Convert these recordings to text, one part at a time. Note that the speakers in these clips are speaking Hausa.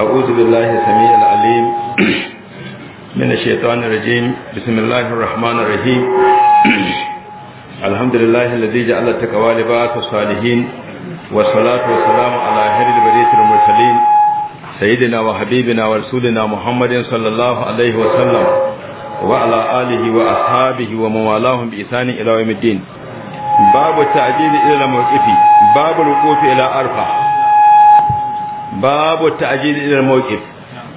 أعوذ بالله السميع العليم من الشيطان الرجيم بسم الله الرحمن الرحيم الحمد لله الذي جعل التقوى لباس الصالحين والصلاة والسلام على أهل البرية المرسلين سيدنا وحبيبنا ورسولنا محمد صلى الله عليه وسلم وعلى آله وأصحابه وموالاهم بإحسان إلى يوم الدين باب التعديل إلى الموقف باب الوقوف إلى أرفع babu ta'jil ila al-mawqif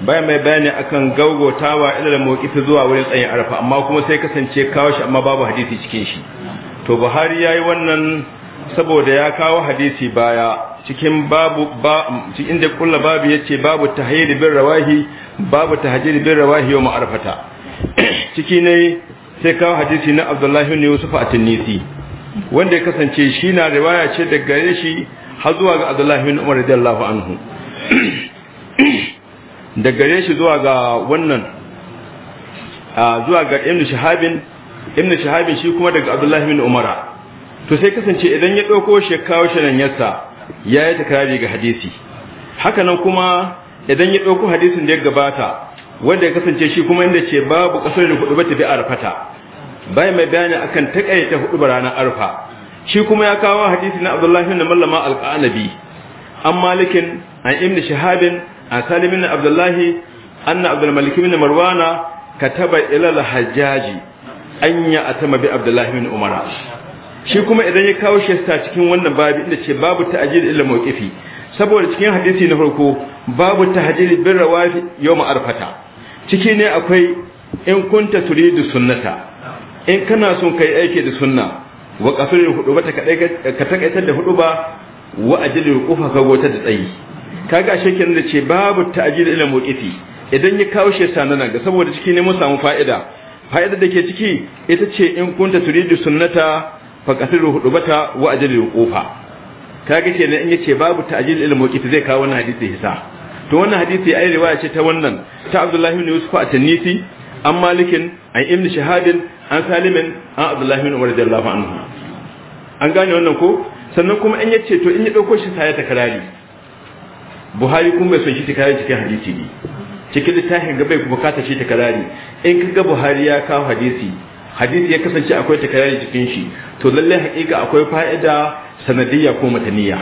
bai mai bayani akan gaugotawa ila al-mawqif zuwa wurin tsayin arfa amma kuma sai kasance kawo shi amma babu hadisi cikin shi to buhari yayi wannan saboda ya kawo hadisi baya cikin babu ba cikin da kullu babu yace babu tahyid bin rawahi babu tahjir bin rawahi wa ma'rifata ciki ne sai kawo hadisi na Abdullahi ibn Yusuf at-Tunisi wanda ya kasance shi na riwaya ce daga gare shi har zuwa ga Abdullahi ibn Umar radiyallahu anhu da gare shi zuwa ga wannan zuwa ga ibn shahabin ibn shahabin shi kuma daga abdullahi ibn umara to sai kasance idan ya dauko shi kawo shi nan yasa ya yi takrari ga hadisi haka nan kuma idan ya dauko hadisin da ya gabata wanda ya kasance shi kuma inda ce babu kasar da hudu bata bi arfata bai mai bayani akan takaita hudu ranar arfa shi kuma ya kawo hadisi na abdullahi ibn mallama alqanabi an malikin an imni shahabin a salimin abdullahi an na malik na marwana ka ila al-hajjaji an a atama bi abdullahi ibn umara shi kuma idan ya kawo shi ta cikin wannan babu inda ce babu ta'jil illa mawqifi saboda cikin hadisi na farko babu tahjil bir rawafi yawm arfata ciki ne akwai in kunta turidu sunnata in kana son kai aiki da sunna wa qasirul huduba ta kadai ka takaitar da ba? wa ajali kufa ka gota da tsayi kaga ashe kenan da ce babu ta'jil ila muqifi idan ya kawo shi sa nan ga saboda ciki ne mun samu fa'ida fa'ida da ke ciki ita ce in kunta turidu sunnata fa qasiru hudubata wa ajali qufa kaga kenan in yace babu ta'jil ila muqifi zai kawo wannan hadisi hisa to wannan hadisi ai riwaya ce ta wannan ta Abdullah ibn Yusuf at-Tanisi an malikin an ibn shahadin an salimin an Abdullah ibn radiyallahu anhu an gane wannan ko sannan kuma in ya ce to in ya ɗauko shi saya takarari buhari kuma bai son shi takarari cikin hadisi ne cikin littafin ga bai bukata shi takarari in ka ga buhari ya kawo hadisi hadisi ya kasance akwai takarari cikin shi to lallai hakika akwai fa'ida sanadiyya ko mataniya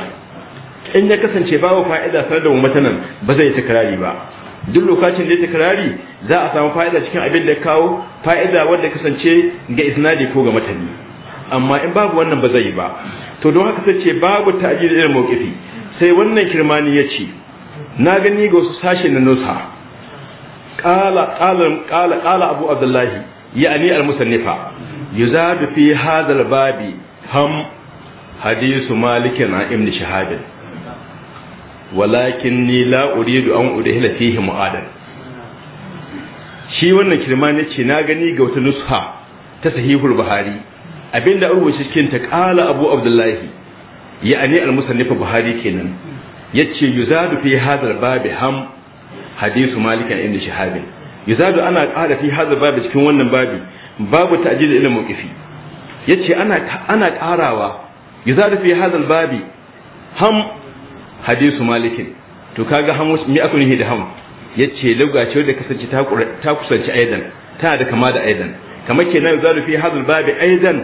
in ya kasance babu fa'ida sanar da matanan ba zai takarari ba duk lokacin da ya takarari za a samu fa'ida cikin abin da ya kawo fa'ida wanda kasance ga isnadi ko ga matani amma in babu wannan ba zai ba to don haka sai ce babu ta'jil irin mawqifi sai wannan kirmani ya ce na gani ga wasu sashe na nusa qala qala qala qala abu abdullah ya'ni al-musannifa yuzad fi hadha babi ham hadisu Malik na ibn shahab walakin ni la uridu an udhila fihi mu'adan shi wannan kirmani ya ce na gani ga wata nusha ta sahihul buhari abinda urwa cikin ta qala abu abdullahi ya'ani al-musannif buhari kenan yace yuzadu fi hadal babi ham hadisu malikan inda shahabin yuzadu ana qala fi hadal babi cikin wannan babi babu ta'jil ila mawqifi yace ana ana qarawa yuzadu fi hadal babi ham hadisu malikin to kaga ham mi aku nihi da ham yace lugace da kasance ta ta kusanci aidan ta da kama da aidan kamar kenan zalu fi hadal babi aidan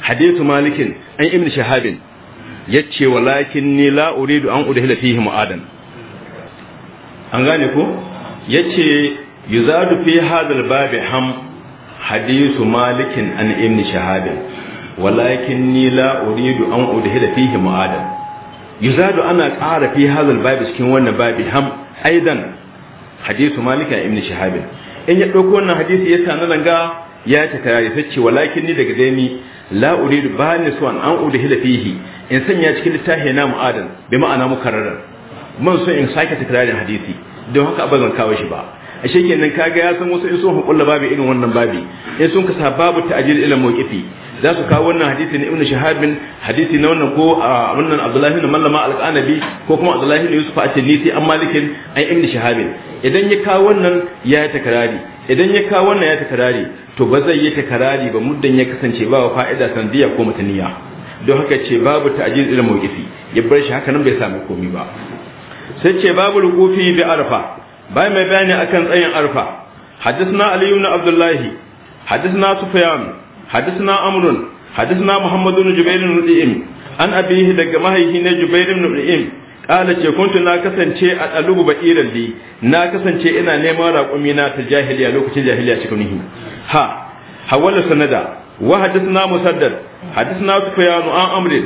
hadithu malikin an ibn shahabin yace walakin ni la uridu an udhila fihi mu'adan an gane ko yace yuzadu fi hadal babi ham hadithu malikin an ibn shahabin walakin ni la uridu an udhila fihi mu'adan yuzadu ana ƙara fi hadal babi cikin wannan babi ham aidan hadithu malikin ibn shahabin in ya dauko wannan hadisi ya tana ga? ya ta karari ta ce walakin ni daga gare ni la uridu ba ni so an udu hila fihi in sanya cikin littafi na mu'adan bi ma'ana mukarrarar man so in sake tikrarin hadisi don haka ba zan kawo shi ba a shekenan kaga ya san wasu in sun hukulla babu irin wannan babi in sun kasa babu ta'jil ilal mawqifi za su kawo wannan hadisi na ibnu bin hadisi na wannan ko a wannan abdullahi bin mallama al-qanabi ko kuma abdullahi bin yusuf at-tinisi an malikin an ibnu shahab idan ya kawo wannan ya karari idan ya kawo wannan ya karari to ba zai yi takarari ba muddin ya kasance ba wa fa'ida sandiya ko mutaniya don haka ce babu ta'jil ilal mawqifi ya bar shi haka nan bai sami komi ba sai ce babu rukufi bi arfa bai mai bayani akan tsayin arfa حدثنا علي بن عبد الله sufyan سفيان Amrun, عمرو حدثنا محمد بن جبير بن نعيم عن أبيه دجمه هنا جبير بن ce kuntu na kasance a ɗalubu ba'iran na kasance ina neman raƙumi na ta jahiliya lokacin jahiliya cikin nihi ها حول سندا وحدثنا مسدد حدثنا سفيان عن أمر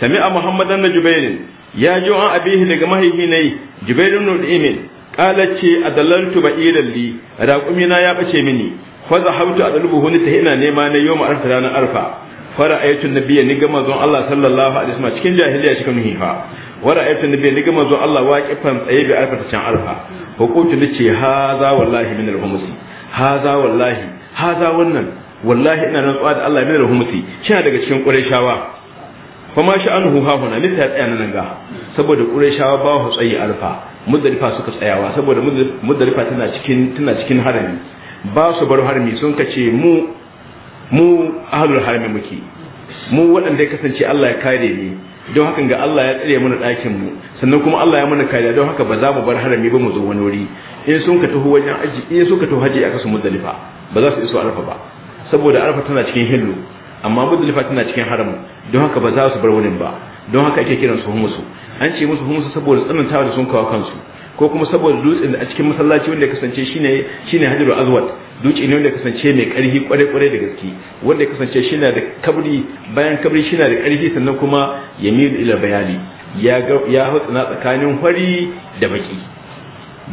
سمع محمد بن جبير يا جو عن أبيه لجمه هني جبير بن الإيمن قال شيء أدللت بئيلا لي راقمنا يا بشي مني فذهبت أدلبه نتهينا نيمان يوم أرفع رانا أرفع فرأيت النبي نجم زون الله صلى الله عليه وسلم cikin jahiliya cikin hifa wa ra'aytu nabiy nigama zo Allah waqifan tsaye bi arfa ta can arfa hukutu nace haza wallahi min al-humsi haza wallahi haza wannan wallahi ina rantsuwa da Allah mai da humsi kina daga cikin qurayshawa fa ma anhu ha huna lissa ya tsaya nan ga saboda qurayshawa ba su tsayi alfa muzdalifa suka tsayawa saboda muzdalifa tana cikin tana cikin harami ba su bar harami sun kace mu mu ahlul harami muke mu waɗanda ya kasance Allah ya kare ni don hakan ga Allah ya tsare mana ɗakin mu sannan kuma Allah ya mana kariya don haka ba za mu bar harami ba mu zo wani wuri in sun ka taho wajen aji in sun ka taho haji aka su muzdalifa ba za su iso arfa ba saboda arfa tana cikin hillu amma muzdalifa tana cikin haram don haka ba za su bar wurin ba don haka ake kiran su humusu an ce musu humusu saboda tsanantawa da sun kawo kansu ko kuma saboda dutsen da a cikin masallaci wanda ya kasance shine shine hajaru azwad dutse ne wanda ya kasance mai karfi kwarai kwarai da gaske wanda ya kasance shine da kabri bayan kabri shine da karfi sannan kuma yamil ila bayali ya ga ya hutsuna tsakanin fari da baki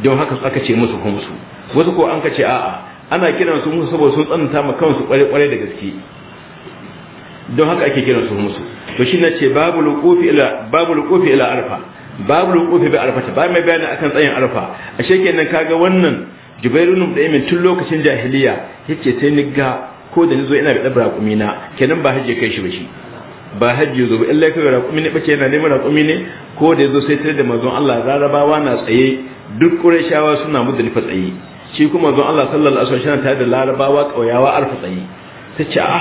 don haka aka ce musu humusu wasu ko an ka ce a'a ana kiran su musu saboda sun tsananta ma kansu kware kware da gaske don haka ake kiran su musu to shi nace babu luqufi ila babu lukufi ila arfa babu lukufi bi arfa ba mai bayani akan tsayin arfa ashe kenan kaga wannan jubairu ibn daimin tun lokacin jahiliya yace sai ni ga ko da nizo ina da dabra kumina kenan ba hajje kai shi ba shi ba hajji zo ba illa kai raƙumi ne bace yana neman raƙumi ne ko da yazo sai tare da manzon Allah zarabawa na tsaye duk qurayshawa suna mudalifa tsaye shi kuma zan Allah sallallahu alaihi wasallam tare da larabawa kauyawa arfa tsaye ta ce a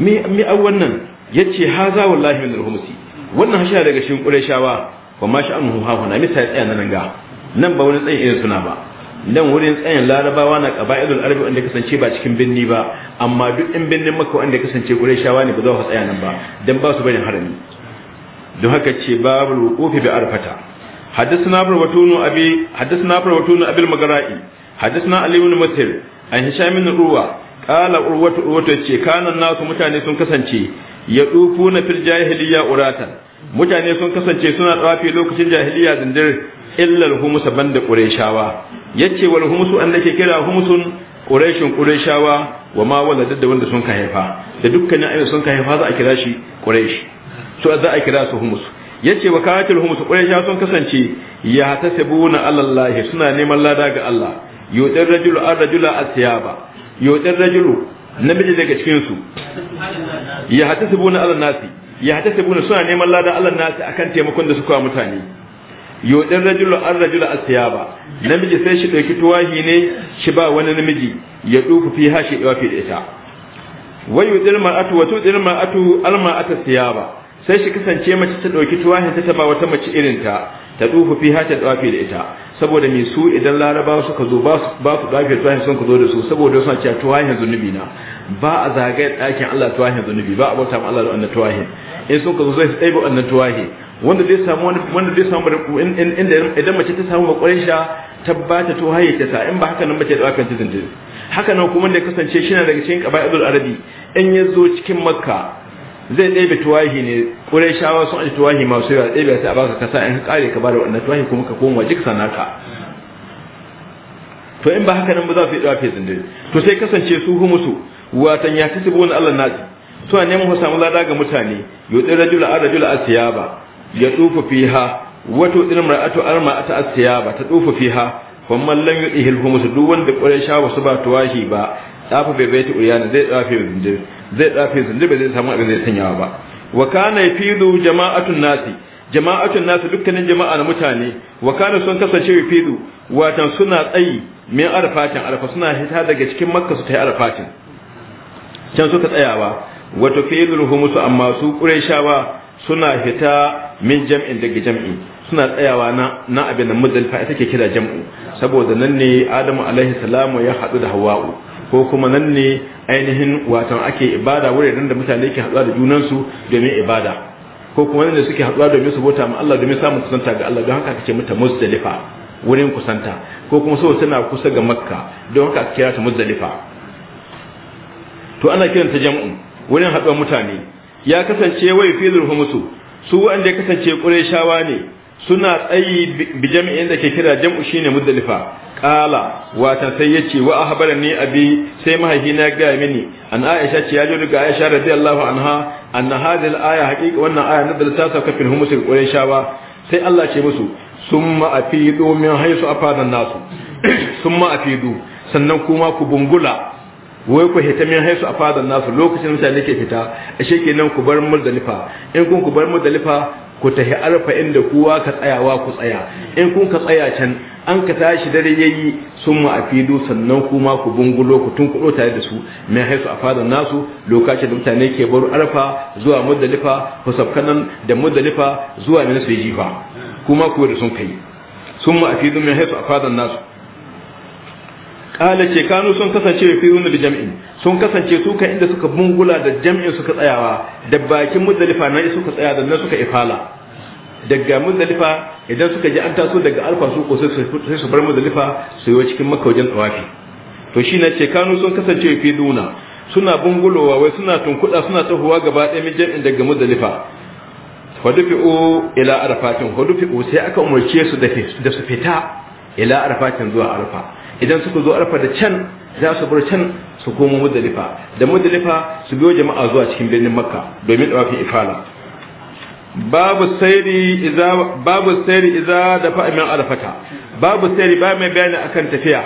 mi mi a wannan yace haza wallahi min al-humsi wannan hasha daga shin qurayshawa wa ma sha'anuhu ha na misa tsaya nan ga nan ba wani tsayin irin suna ba nan wurin tsayin larabawa na qaba'ilul arabi wanda kasance ba cikin binni ba amma duk in binnin maka wanda kasance qurayshawa ne ba za su tsaya nan ba dan ba su barin harami don haka ce babul wuqufi bi arfata حدثنا بروتون أبي حدثنا بروتون a المقرائي حدثنا علي بن مسهر عن هشام بن عروة قال عروة عروة كان الناس متاني سن كسنتي يطوفون في الجاهلية أراتا mutane sun kasance suna tsafi lokacin jahiliya zindir illal humusa banda qurayshawa yace wal humusu an nake kira humusun qurayshin qurayshawa wa ma walada da wanda sun ka haifa da dukkanin ayyukan sun ka haifa za a kira shi quraysh to za a kira su humusu yace wa katil hum su quraisha sun kasance ya tasabuna alallahi suna neman lada ga Allah yotar rajulu ar rajula asyaba yotar rajulu namiji daga cikin su ya hatasabuna alal nasi ya hatasabuna suna neman lada alal nasi akan taimakon da suka mutane yotar rajulu ar rajula asyaba namiji sai shi dauki tuwahi ne shi ba wani namiji ya dufu fi hashi dawa fi da ita wayu dirma atu wa tu dirma atu alma ata sai shi kasance mace ta dauki tuwahin ta taba wata mace irin ta ta dufu fi ta dafi da ita saboda me su idan larabawa suka zo ba su ba su dafi tuwahin sun ku zo da su saboda suna cewa tuwahin zunubi na ba a zagaye dakin Allah tuwahin zunubi ba a bauta ma Allah da wannan tuwahin in sun ka zo sai su ɗaiba wannan tuwahin wanda zai samu wanda zai samu inda idan mace ta samu bakwarin sha tabbata to haye ta sa in ba haka nan mace da kan tizin haka nan kuma da kasance shi na daga cikin qaba'idul arabi in ya cikin makka zai ɗebe tuwahi ne ƙurai shawa sun aji tuwahi masu yawa ɗebe sai a baka kasa in ka kare ka bada wannan tuwahi kuma ka koma jika sanaka to in ba haka nan ba za su yi ɗawa fesin dare to sai kasance su hu musu watan ya bu buwan allah na suna neman ku samu lada ga mutane yotsi rajula a rajula a ba ya tsufa fiha wato ɗin mar'atu arma a siyaba ta tsufa fiha famman lam yuɗi hilhu musu duk wanda ƙwarai shawa su ba tuwahi ba tsafa bai bai ta ƙuryana zai ɗawa fesin dare zai tsafe su ba zai samu abin zai sanyawa ba wa kana yafidu jama'atun nasi jama'atun nasi dukkanin jama'a na mutane wa kana sun kasance yafidu watan suna tsayi min arfatin arfa suna hita daga cikin makka su ta arfatin can suka tsayawa wa tufidul humusu amma su qurayshawa suna hita min jam'in daga jam'i suna tsayawa na na abin da muzdalifa take kira jam'u saboda nan ne adamu alaihi salamu ya hadu da hawa'u ko kuma nan ne ainihin watan ake ibada nan da mutane ke haɗuwa da junansu domin ibada ko kuma nan da suke haɗuwa domin su bota ma Allah domin samun kusanta ga Allah don haka ake mata muzdalifa wurin kusanta ko kuma so tana kusa ga makka don haka ake kira ta muzdalifa to ana kiran ta jam'u wurin haɗuwar mutane ya kasance wai filul musu, su wanda ya kasance shawa ne suna tsayi bi jami'in da ke kira jam'u shine muddalifa qala Wata sai yace wa ahbarani abi sai mahaifina ga mini an aisha ce yaji daga aisha radiyallahu anha anna hadhihi al-aya haqiqa wannan aya nadal ta sauka fil humus qurayshawa sai Allah ce musu summa afidu min haythu afadan nasu summa afidu sannan kuma ku bungula wai ku hita min haisu a fadar nasu lokacin mutane ke fita ashe kenan ku bar muzdalifa in kun ku bar muzdalifa ku tafi arfa inda kowa ka tsayawa ku tsaya in kun ka tsaya can an ka tashi dare yayi sun mu afidu sannan kuma ku bungulo ku kudo tare da su me haisu a fadan nasu lokacin da mutane ke baro arfa zuwa muddalifa ku sabkanan da muddalifa zuwa ne su jifa kuma ku da sun kai sun mu afidu me haisu a fadan nasu kala ce kanu sun kasance fi yuna da jami'in sun kasance su kan inda suka bungula da jami'in suka tsayawa da bakin muzdalifa nan suka tsaya da nan suka ifala daga muzdalifa idan suka ji an taso daga alfa su ko sai su bar muzdalifa su yi cikin makka wajen tsawafi to shi na ce kanu sun kasance fi duna suna bungulowa wai suna tunkuda suna tahowa gaba ɗaya min jam'in daga muzdalifa fadufi'u ila arafatin fadufi'u sai aka umarce su da su fita ila arfatin zuwa arfa idan suka zo arfa da can za su bar can su komo muzdalifa da muzdalifa su biyo jama'a zuwa cikin birnin makka domin awafin ifala babu sayri idza babu sayri idza dafa min arfata babu sayri ba mai bayani akan tafiya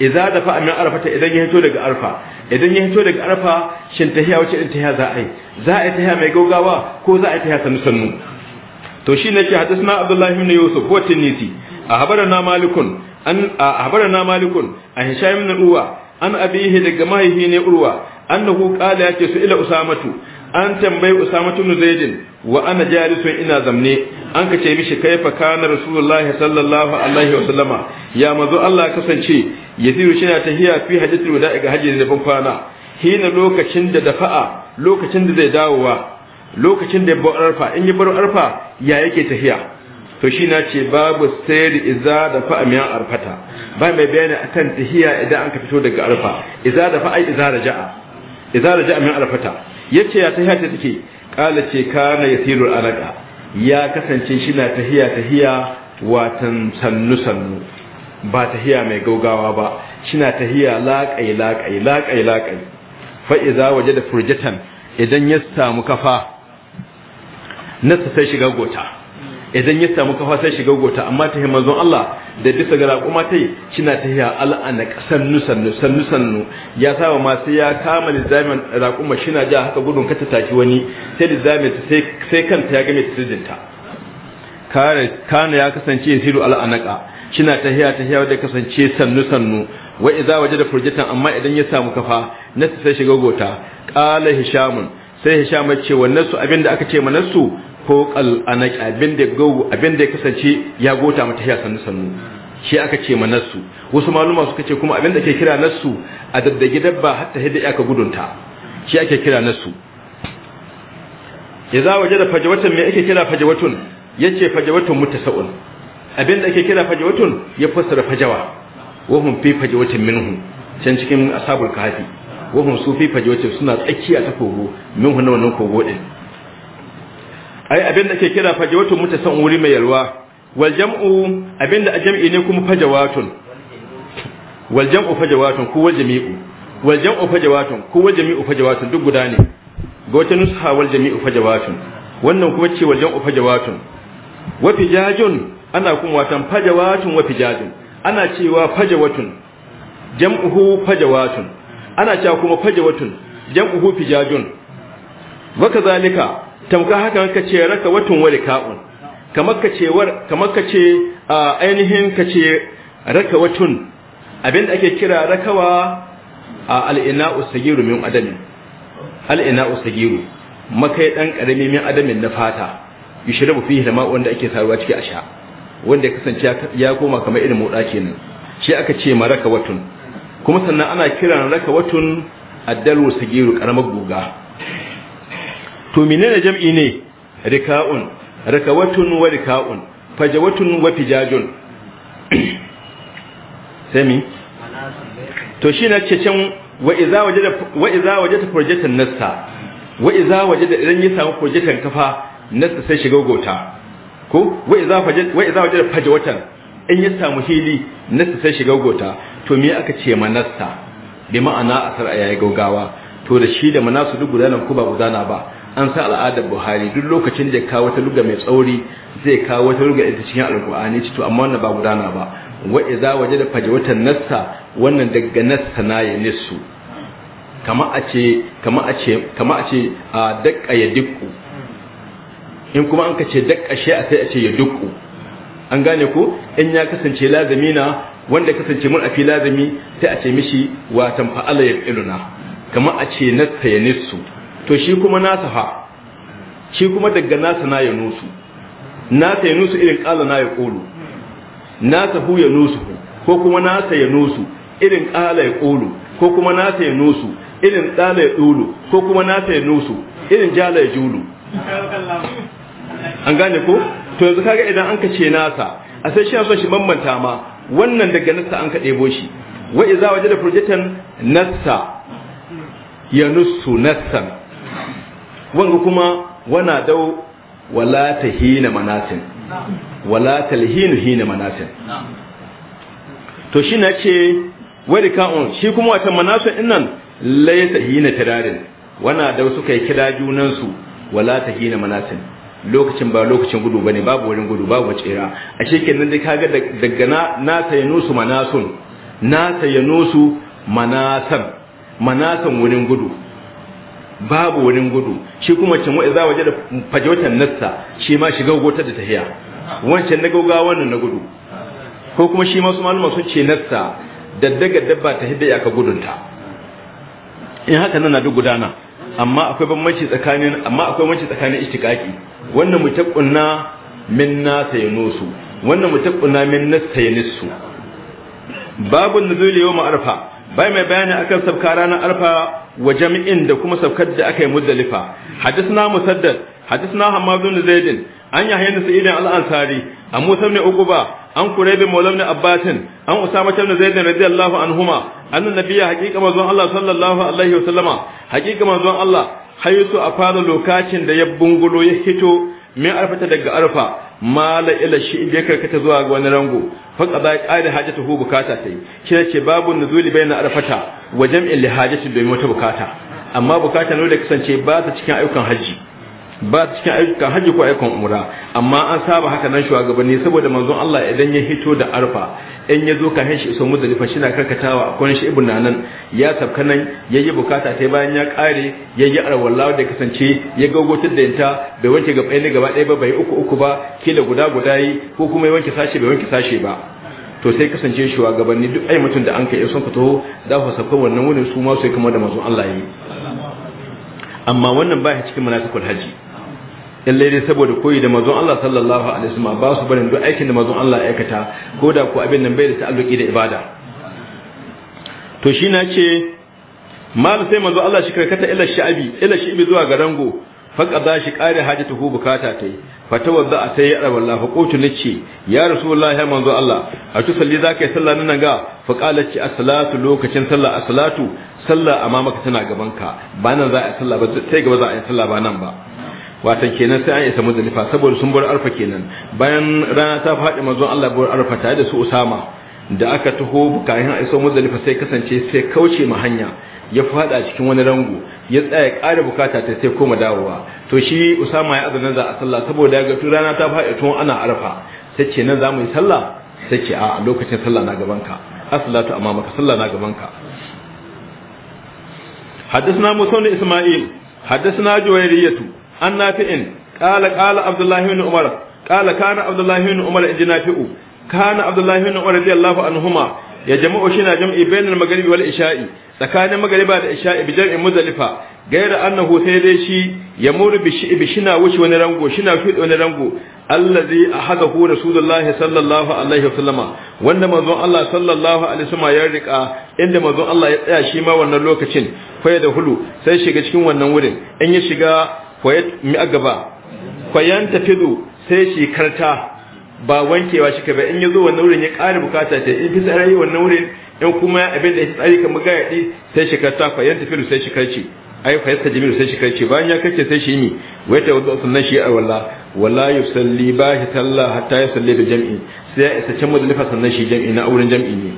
idza dafa min arfata idan ya hito daga arfa idan ya hito daga arfa shin tahiya wace din tahiya za a yi za a yi tahiya mai gaugawa ko za a yi tahiya sannu sannu to shi ne nake hadisna abdullahi ibn yusuf wa tinisi ahbarana malikun an ahbarana malikun a hisham ibn urwa an abihi daga mahaihi ne urwa annahu qala yake su ila usamatu an tambayi usama tun zaidin wa ana jalisun ina zamne an ka ce mishi fa kana rasulullahi sallallahu alaihi wa sallama ya mazo Allah kasance yaziru shi na tahiya fi hajjatul wada'i ga hajji da kwana hina lokacin da dafa'a lokacin da zai dawowa lokacin da ya bar arfa in yi bar arfa ya yake tahiya to shi na ce babu sayar iza da fa'a miyan arfata ba mai bayani akan tahiya idan an ka fito daga arfa iza da fa'a iza raja'a iza raja'a miyan arfata yace ya tahiya ta take kala ce kana yasirul alaka ya kasance shi na tahiya tahiya watan sannu sannu ba tahiya mai gaugawa ba shi na tahiya laƙai laƙai laƙai laƙai fa waje da furjatan idan ya samu kafa nasa sai shiga gota idan ya samu kafa sai shiga gota amma ta manzon Allah da bisa ga raƙuma ta yi kina ta hiya al'ana sannu sannu sannu sannu ya saba ma sai ya kama lizamin raƙuma shina ja haka gudun ka ta taki wani sai lizamin sai sai kanta ya game sirrinta kare kana ya kasance yasiru al'anaka kina ta hiya ta hiya da kasance sannu sannu wa waje wajada furjatan amma idan ya samu kafa na sai shiga gota qala hishamun sai hisham ya ce wannan su abinda aka ce manasu ko anaki abin da gawo ya kasance ya gota mata ya sannu sannu shi aka ce ma nassu wasu maluma suka ce kuma abin da ke kira nassu a daddagi dabba hatta hidda ka gudunta shi ake kira nassu ya za waje da fajewatun me ake kira fajewatun ya ce fajewatun mutu sa'un abin da ake kira fajewatun ya fassara fajawa wahun fi fajewatun minhu can cikin ashabul kahfi wahun su fi fajewatun suna tsakiya ta kogo minhu na wannan kogo din ai abin da ake kira fajawatun mutasan wuri mai yalwa wal jam'u abin da a jam'i ne kuma fajawatun wal jam'u fajawatun ko wal jami'u wal jam'u fajawatun ko wal jami'u fajawatun duk guda ne ga wata nusha wal jami'u fajawatun wannan kuma ce wal jam'u fajawatun wa fijajun ana kuma watan fajawatun wa fijajun ana cewa fajawatun jam'uhu fajawatun ana cewa kuma fajawatun jam'uhu fijajun wa kazalika tamka haka ka ce raka watun wani ka'un kamar ka ce kamar ka ce ainihin ka ce raka watun abinda ake kira rakawa a al'ina usagiru min adamin al'ina usagiru makai dan karami min adamin na fata yushrabu fihi da wanda ake saruwa cike asha, wanda ya kasance ya koma kamar irin motsa kenan shi aka ce ma raka watun kuma sannan ana kiran raka watun addalu sagiru karamar guga to menene jam'i ne rika'un rakawatun wa rika'un fajawatun wa fijajun sai mi to shi ne ce can wa iza wajata projectan nassa wa iza wajada idan ya samu projectan kafa nassa sai shiga gota ko wa iza wajada fajawatan in ya samu hili nassa sai shiga gota to me aka ce ma nassa bi ma'ana asar ayayi gaugawa to da shi da manasu duk gudanar ku ba gudana ba an sa al'adar buhari duk lokacin da ya kawo wata ruga mai tsauri zai kawo wata ruga ita cikin alkur'ani ci to amma wannan ba gudana ba wa idza wajada fajwatan nassa wannan daga nassa na ya nisu? kama a ce kama a ce kama a ce a dakka ya dukku in kuma an ka ce dakka shi a sai a ce ya dukku an gane ko in ya kasance lazami na wanda kasance mun a fi lazami sai a ce mishi watan fa'ala ya iluna kama a ce nassa ya nisu. to shi kuma nasa ha shi kuma daga nasa na ya nusu nasa ya nusu irin ƙala na ya ƙulu nasa hu ya nusu ko kuma nasa ya nusu irin ƙala ya ƙulu ko kuma nasa ya nusu irin ƙala ya ɗulu ko kuma nasa ya nusu irin jala ya julu an gane ko to yanzu kaga idan an kace nasa a sai shi son shi bambanta ma wannan daga nasa an ka ɗebo shi wa iza wajada furjatan nasa ya nusu nasan wanga kuma wana dau wala tahina manatin wala talhinu hina manatin to shi na ce wadi ka'un shi kuma wata manasin innan laysa tahina tirarin wana dau suka yi kira junan su wala tahina manatin lokacin ba lokacin gudu bane babu wurin gudu babu wacera a nan dai kaga daga na na su manasun na su manasan manasan wurin gudu babu wurin gudu shi kuma wa'i za waje da fajewatan nassa shi ma shiga gotar da tahiya wancan na gauga wannan na gudu ko kuma shi masu malama sun ce nassa daddaga dabba ta hidda ya ka gudunta in haka nan na duk gudana amma akwai bambanci tsakanin amma akwai bambanci tsakanin istiqaqi wannan mutaqunna min nasa yanusu wannan mutaqunna min nasa yanisu babu nuzuli yawm arfa bai mai bayani akan sabka ranar arfa wa jami'in da kuma saukar da aka yi muzdalifa hadisna musaddad hadisna hamad bin zaid an yahya bin sa'id al-ansari an musa bin uquba an kurayb bin mawlam bin abbas an usama bin zaid radiyallahu anhuma anna nabiyya haqiqa manzon Allah sallallahu alaihi wasallama haqiqa manzon Allah hayyato a fara lokacin da ya bungulo ya hito min arfata daga arfa mala ila shi ya karkata zuwa ga wani rango fa qada qaida hu bukata tai shi ce babu nuzuli baina arfata wa jam'in li hajati domin wata bukata amma bukata ne da kasance ba ta cikin ayyukan hajji? ba cikin ayyukan hajji ko ayyukan umra amma an saba haka nan shugabanni saboda manzon Allah idan ya hito da arfa in ya zo kafin shi isa muzdalifa shi na karkatawa akwai shi ibn nanan ya sabka nan yayi bukata ta bayan ya kare yayi arwallah da kasance ya gagotar da yanta bai wanke gaba ɗaya gaba ɗaya ba bai uku uku ba kila guda guda yi ko kuma ya wanke sashe bai wanke sashe ba to sai kasance shugabanni duk ai mutum da an kai sun fito za su sabka wannan wurin su ma su kamar da manzon Allah yi amma wannan ba cikin manasikul haji lallai dai saboda koyi da mazon Allah sallallahu alaihi wasallam ba su barin duk aikin da mazon Allah ya aikata ko da ko abin nan bai da ta'alluki da ibada to shi na ce mal sai manzo Allah shi karkata ila sha'abi ila zuwa ga rango qada shi kare hajatuhu bukata tai fatawadda sai ya rabu Allah qutu nace ya rasulullahi ya manzo Allah a tu salli zakai sallah nan ga fa qalat ci as-salatu lokacin sallah as-salatu sallah amamaka tana ka ba nan za a sallah ba sai gaba za a yi sallah ba nan ba watan kenan sai an isa muzalifa saboda sun bar arfa kenan bayan rana ta faɗi manzon Allah bar arfa tare da su Usama da aka taho bukayin a iso muzalifa sai kasance sai kauce ma hanya ya fada cikin wani rango ya tsaya ƙara bukata ta sai koma dawowa to shi Usama ya azana za a sallah saboda ga rana ta faɗi tun ana arfa sai ce nan zamu yi sallah sai ce a lokacin sallah na gaban ka as amma amamaka sallah na gaban ka حدثنا موسى بن اسماعيل حدثنا جويريه an nafi'in Ƙala ƙala abdullahi ibn umar ƙala kana abdullahi ibn umar inji nafi'u kana abdullahi ibn umar radiyallahu anhuma ya jama'u shina jam'i bainal maghribi wal isha'i tsakanin maghriba da isha'i bi jam'in muzdalifa gaira annahu sai dai shi ya muru bi shi na wuce wani rango na shi wani rango allazi da rasulullahi sallallahu alaihi wa sallama. wanda manzon Allah sallallahu alaihi wasallam ya rika inda manzon Allah ya tsaya shi ma wannan lokacin fa da hulu sai shiga cikin wannan wurin in ya shiga mi a gaba kwayan tafidu sai shi karta ba wankewa shi ka ba in yazo zo wannan wurin ya ƙara bukata ta in fitsari yi wannan wurin in kuma abin da ya tsari kamar gayaɗi sai shi karta kwayan tafidu sai shi karce ai fa yasta jimiru sai shi karce bayan ya karce sai shi ni. wai ta wudu sunnan shi a walla wala yusalli ba shi talla hatta ya salli da jam'i sai ya isa can mudalifa sannan shi jam'i na auren jam'i ne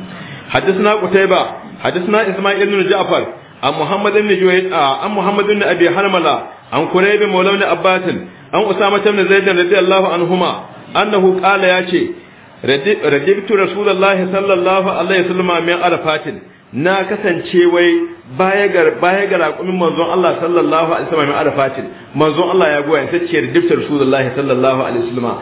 حدثنا قتيبة حدثنا إسماعيل بن جعفر an محمد بن ابي an muhammad ibn مولى بن عباس kurayb اسامه بن abbas an usama عنهما انه radiyallahu anhuma annahu qala رسول الله صلى sallallahu alaihi وسلم من عرفات na kasance wai baya ga baya ga raƙumin manzon Allah sallallahu alaihi wasallam min arafatin manzon Allah ya goya sai ce diftar sallallahu alaihi wasallam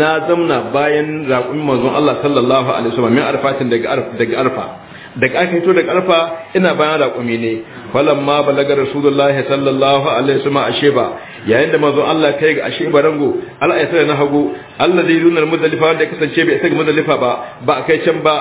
na zamna bayan raƙumin manzon Allah sallallahu alaihi wasallam min arafatin daga daga arfa da aka hito da karfa ina bayan raƙumi ne ma balaga rasulullahi sallallahu alaihi wasallam asheba yayin da manzo Allah kai ga ba rango Allah ya na hagu Allah zai nuna muzdalifa da kasance bai isa mudallifa ba ba kai can ba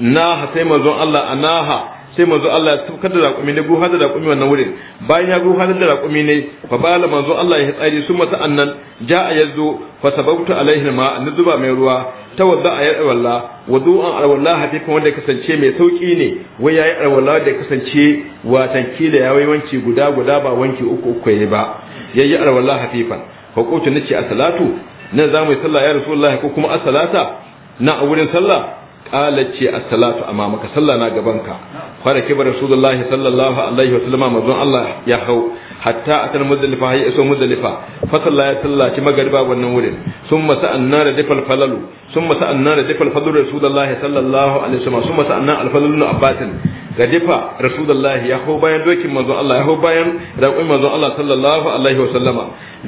na sai manzon Allah anaha sai manzo Allah ya da raƙumi ne guha da raƙumi wannan wurin bayan ya guha da raƙumi ne fa bala manzo Allah ya tsari su mata annan ja a yazo fa sababtu alaihi ma an zuba mai ruwa tawadda a yadda walla wadu'an alwala hafifan wanda kasance mai sauki ne wai yayi alwala da kasance watan kila ya wanki guda guda ba wanki uku uku yayi ba yayi alwala hafifan fa kotu nace a salatu nan zamu yi sallah ya rasulullahi ko kuma a salata na a wurin sallah qalat ce as-salatu amamaka sallah na gabanka hatta atal muzdalifa hay magariba wannan wurin summa sa'anna da dafal falalu summa sa'anna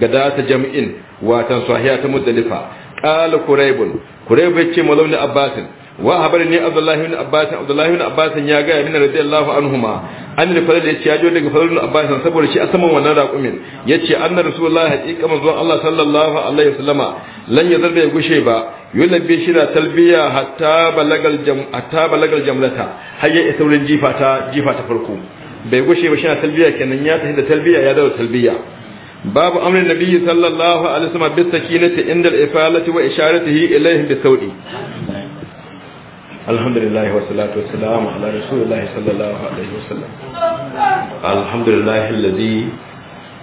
ga data jami'in watan sahiya ta muzdalifa qala quraybun qurayb yace wa ne abdullahi ibn abbas abdullahi ibn abbas ya ga ibn radiyallahu anhuma annal fadl yace ya jo daga fadl abbas saboda shi asaman wannan raqumin yace anna rasulullahi haqiqa manzon Allah sallallahu alaihi wasallama lan yazar da gushe ba yulabbi shi da talbiya hatta balagal jam hatta balagal jamlata hayya isaurin jifa jifata, jifa ta farko bai gushe ba shi na talbiya kenan ya tafi da talbiya ya dawo talbiya babu amrin nabiyyi sallallahu alaihi wasallam bis sakinati inda al-ifalati wa isharatihi ilayhim bisawdi alhamdulillah wa salatu wa salamu ala rasulillah sallallahu alaihi wasallam alhamdulillah alladhi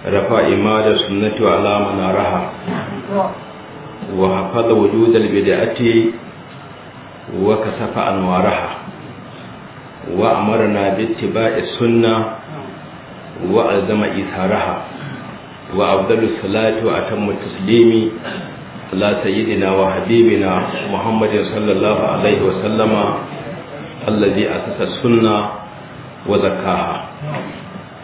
rafa imada sunnati wa ala manaraha wa hafaza wujud albid'ati wa kasafa anwaraha wa amarna bi ittiba'i sunnah wa azama itharaha wa afdalu salatu wa atammu taslimi ala sayyidina wa habibina muhammadin sallallahu alaihi wa sallama alladhi asasa sunna wa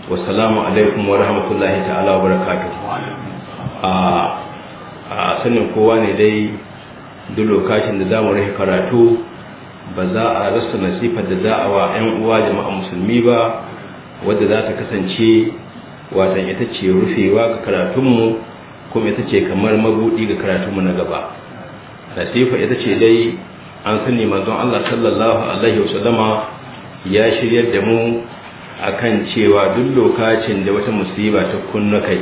wa salamu alaikum wa rahmatullahi ta'ala wa barakatuh a a sanin kowa ne dai duk lokacin da za mu rahe karatu ba za a rasa nasifar da za a wa 'yan uwa jama'a musulmi ba wadda za ta kasance wasan ita ce rufewa ga karatunmu mu kuma ita ce kamar mabuɗi ga karatunmu na gaba Latifa ita ce dai an sani manzon Allah sallallahu alaihi wasallama ya shiryar da mu akan cewa duk lokacin da wata musiba ta kunna kai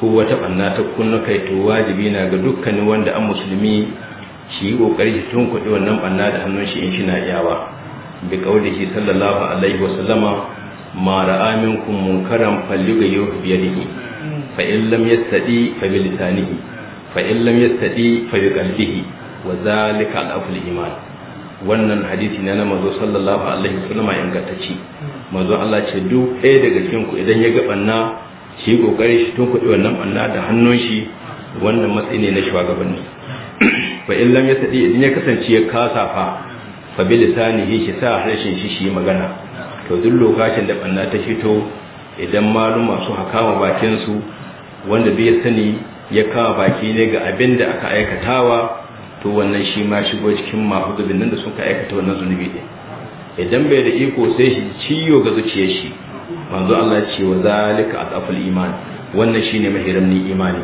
ko wata banna ta kunna kai to wajibi na ga dukkanin wanda an musulmi shi yi kokari shi tun kuɗi wannan banna da hannun shi in shi na iyawa bi shi sallallahu alaihi wasallama ma ra'a munkaran falyughayyihu biyar yadihi fa in lam yastadi fa bi lisanihi fa in lam yastadi fa bi qalbihi wa zalika al-afl iman wannan hadisi ne na mazo sallallahu alaihi wasallam ingantacce mazo Allah ce duk ɗaya daga cikin ku idan ya ga banna shi kokari shi tun kuɗi wannan banna da hannun shi wannan matsayi ne na shugabanni fa in lam yastadi idan ya kasance ya kasa fa fa bi lisanihi shi sa harshen shi shi magana to duk lokacin da banna ta fito idan maluma masu hakama bakinsu wanda bai sani ya kama baki ne ga abin da aka aikatawa to wannan shi ma shigo cikin mahudubin nan da suka aikata wannan zunubi ne idan bai da iko sai shi ciyo ga zuciyar shi manzo Allah ce wa zalika azaful iman wannan shine ni imani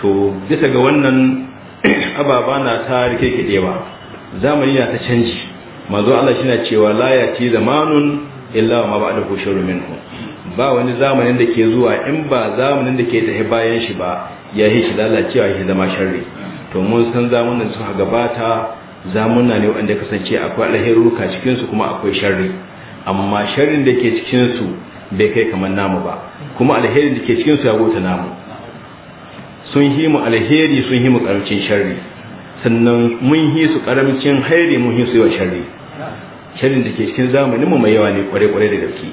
to bisa ga wannan ababa na ta rike dewa zamani na ta canji manzo Allah shi na cewa la ti zamanun illa ma ba'da hushrun minhu ba wani zamanin da ke zuwa in ba zamanin da ke tafi bayan shi ba ya yi shi lalacewa ya zama sharri to mun san zamanin suka gabata zamuna ne wanda kasance akwai alheruka cikin su kuma akwai sharri amma sharrin da ke cikin su bai kai kamar namu ba kuma alherin da ke cikin su ya gota namu sun yi mu alheri sun yi mu karamcin sharri sannan mun yi su karamcin hairi mun yi su yawan sharri sharrin da ke cikin zamanin mu mai yawa ne kware-kware da gaske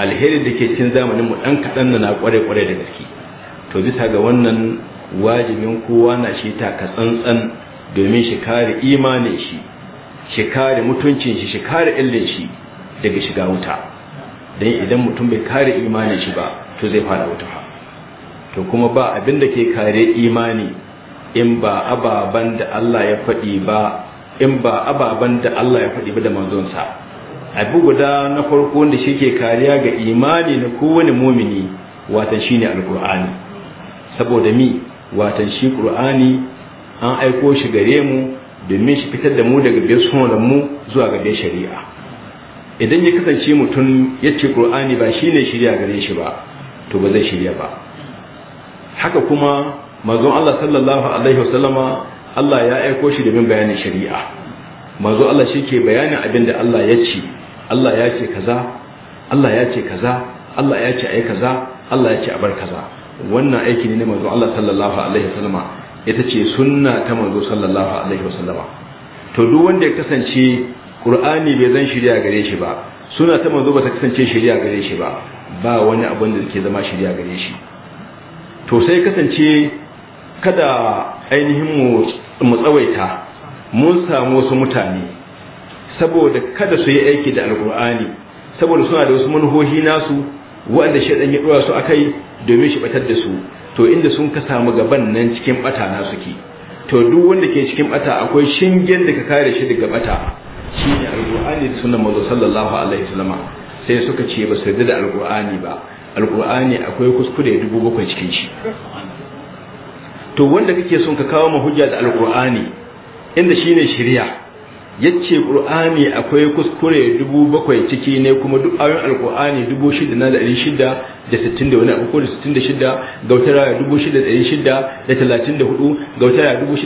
alheri da ke cikin zamanin mu dan kadan na kware kware da gaske to bisa ga wannan wajibin kowa na shi ta ka tsantsan domin shi kare imanin shi shi kare mutuncin shi shi kare illin shi daga shiga wuta dan idan mutum bai kare imanin shi ba to zai fara wuta to kuma ba abin da ke kare imani in ba ababan da Allah ya faɗi ba in ba ababan da Allah ya faɗi ba da manzonsa abu guda na farko wanda shi ke kariya ga imani na kowane mumini watan shi ne alkur'ani saboda mi watan shi ƙur'ani an aiko shi gare mu domin shi fitar da mu daga biyar mu zuwa ga shari'a idan ya kasance mutum ya ce ƙur'ani ba shi ne shirya gare shi ba to ba zai shirya ba haka kuma mazon allah sallallahu alaihi wasallama allah ya aiko shi domin bayanin shari'a manzo Allah shi ke bayanin abin da Allah ya ce Allah ya ce kaza Allah ya ce kaza Allah ya ce yi kaza Allah ya ce a bar kaza wannan aiki ne na Allah sallallahu alaihi wasallama ita ce sunna ta manzo sallallahu alaihi wasallama to duk wanda ya kasance Qur'ani bai zan shirya gare shi ba suna ta manzo ba ta kasance shirya gare shi ba ba wani abin da ke zama shirya gare shi to sai kasance kada ainihin mu tsawaita mun samu wasu mutane saboda kada su yi aiki da alkur'ani saboda suna da wasu manuhohi nasu waɗanda shaidan ya ɗora su akai domin shi batar da su to inda sun ka samu gaban nan cikin bata na suke to duk wanda ke cikin bata akwai shingen da ka kare shi daga bata ne alkur'ani da sunan manzo sallallahu alaihi wasallama sai suka ce ba su yarda da alkur'ani ba alkur'ani akwai kuskure dubu bakwai cikin shi to wanda kake son ka kawo mahujja da alkur'ani inda shirya ya ce ƙur'ani akwai kuskure 7000 ciki ne kuma duk ayoyin alqur'ani 6600 da sittin da wani abu ko da 66 ga wata raya 6600 da 34 ga wata raya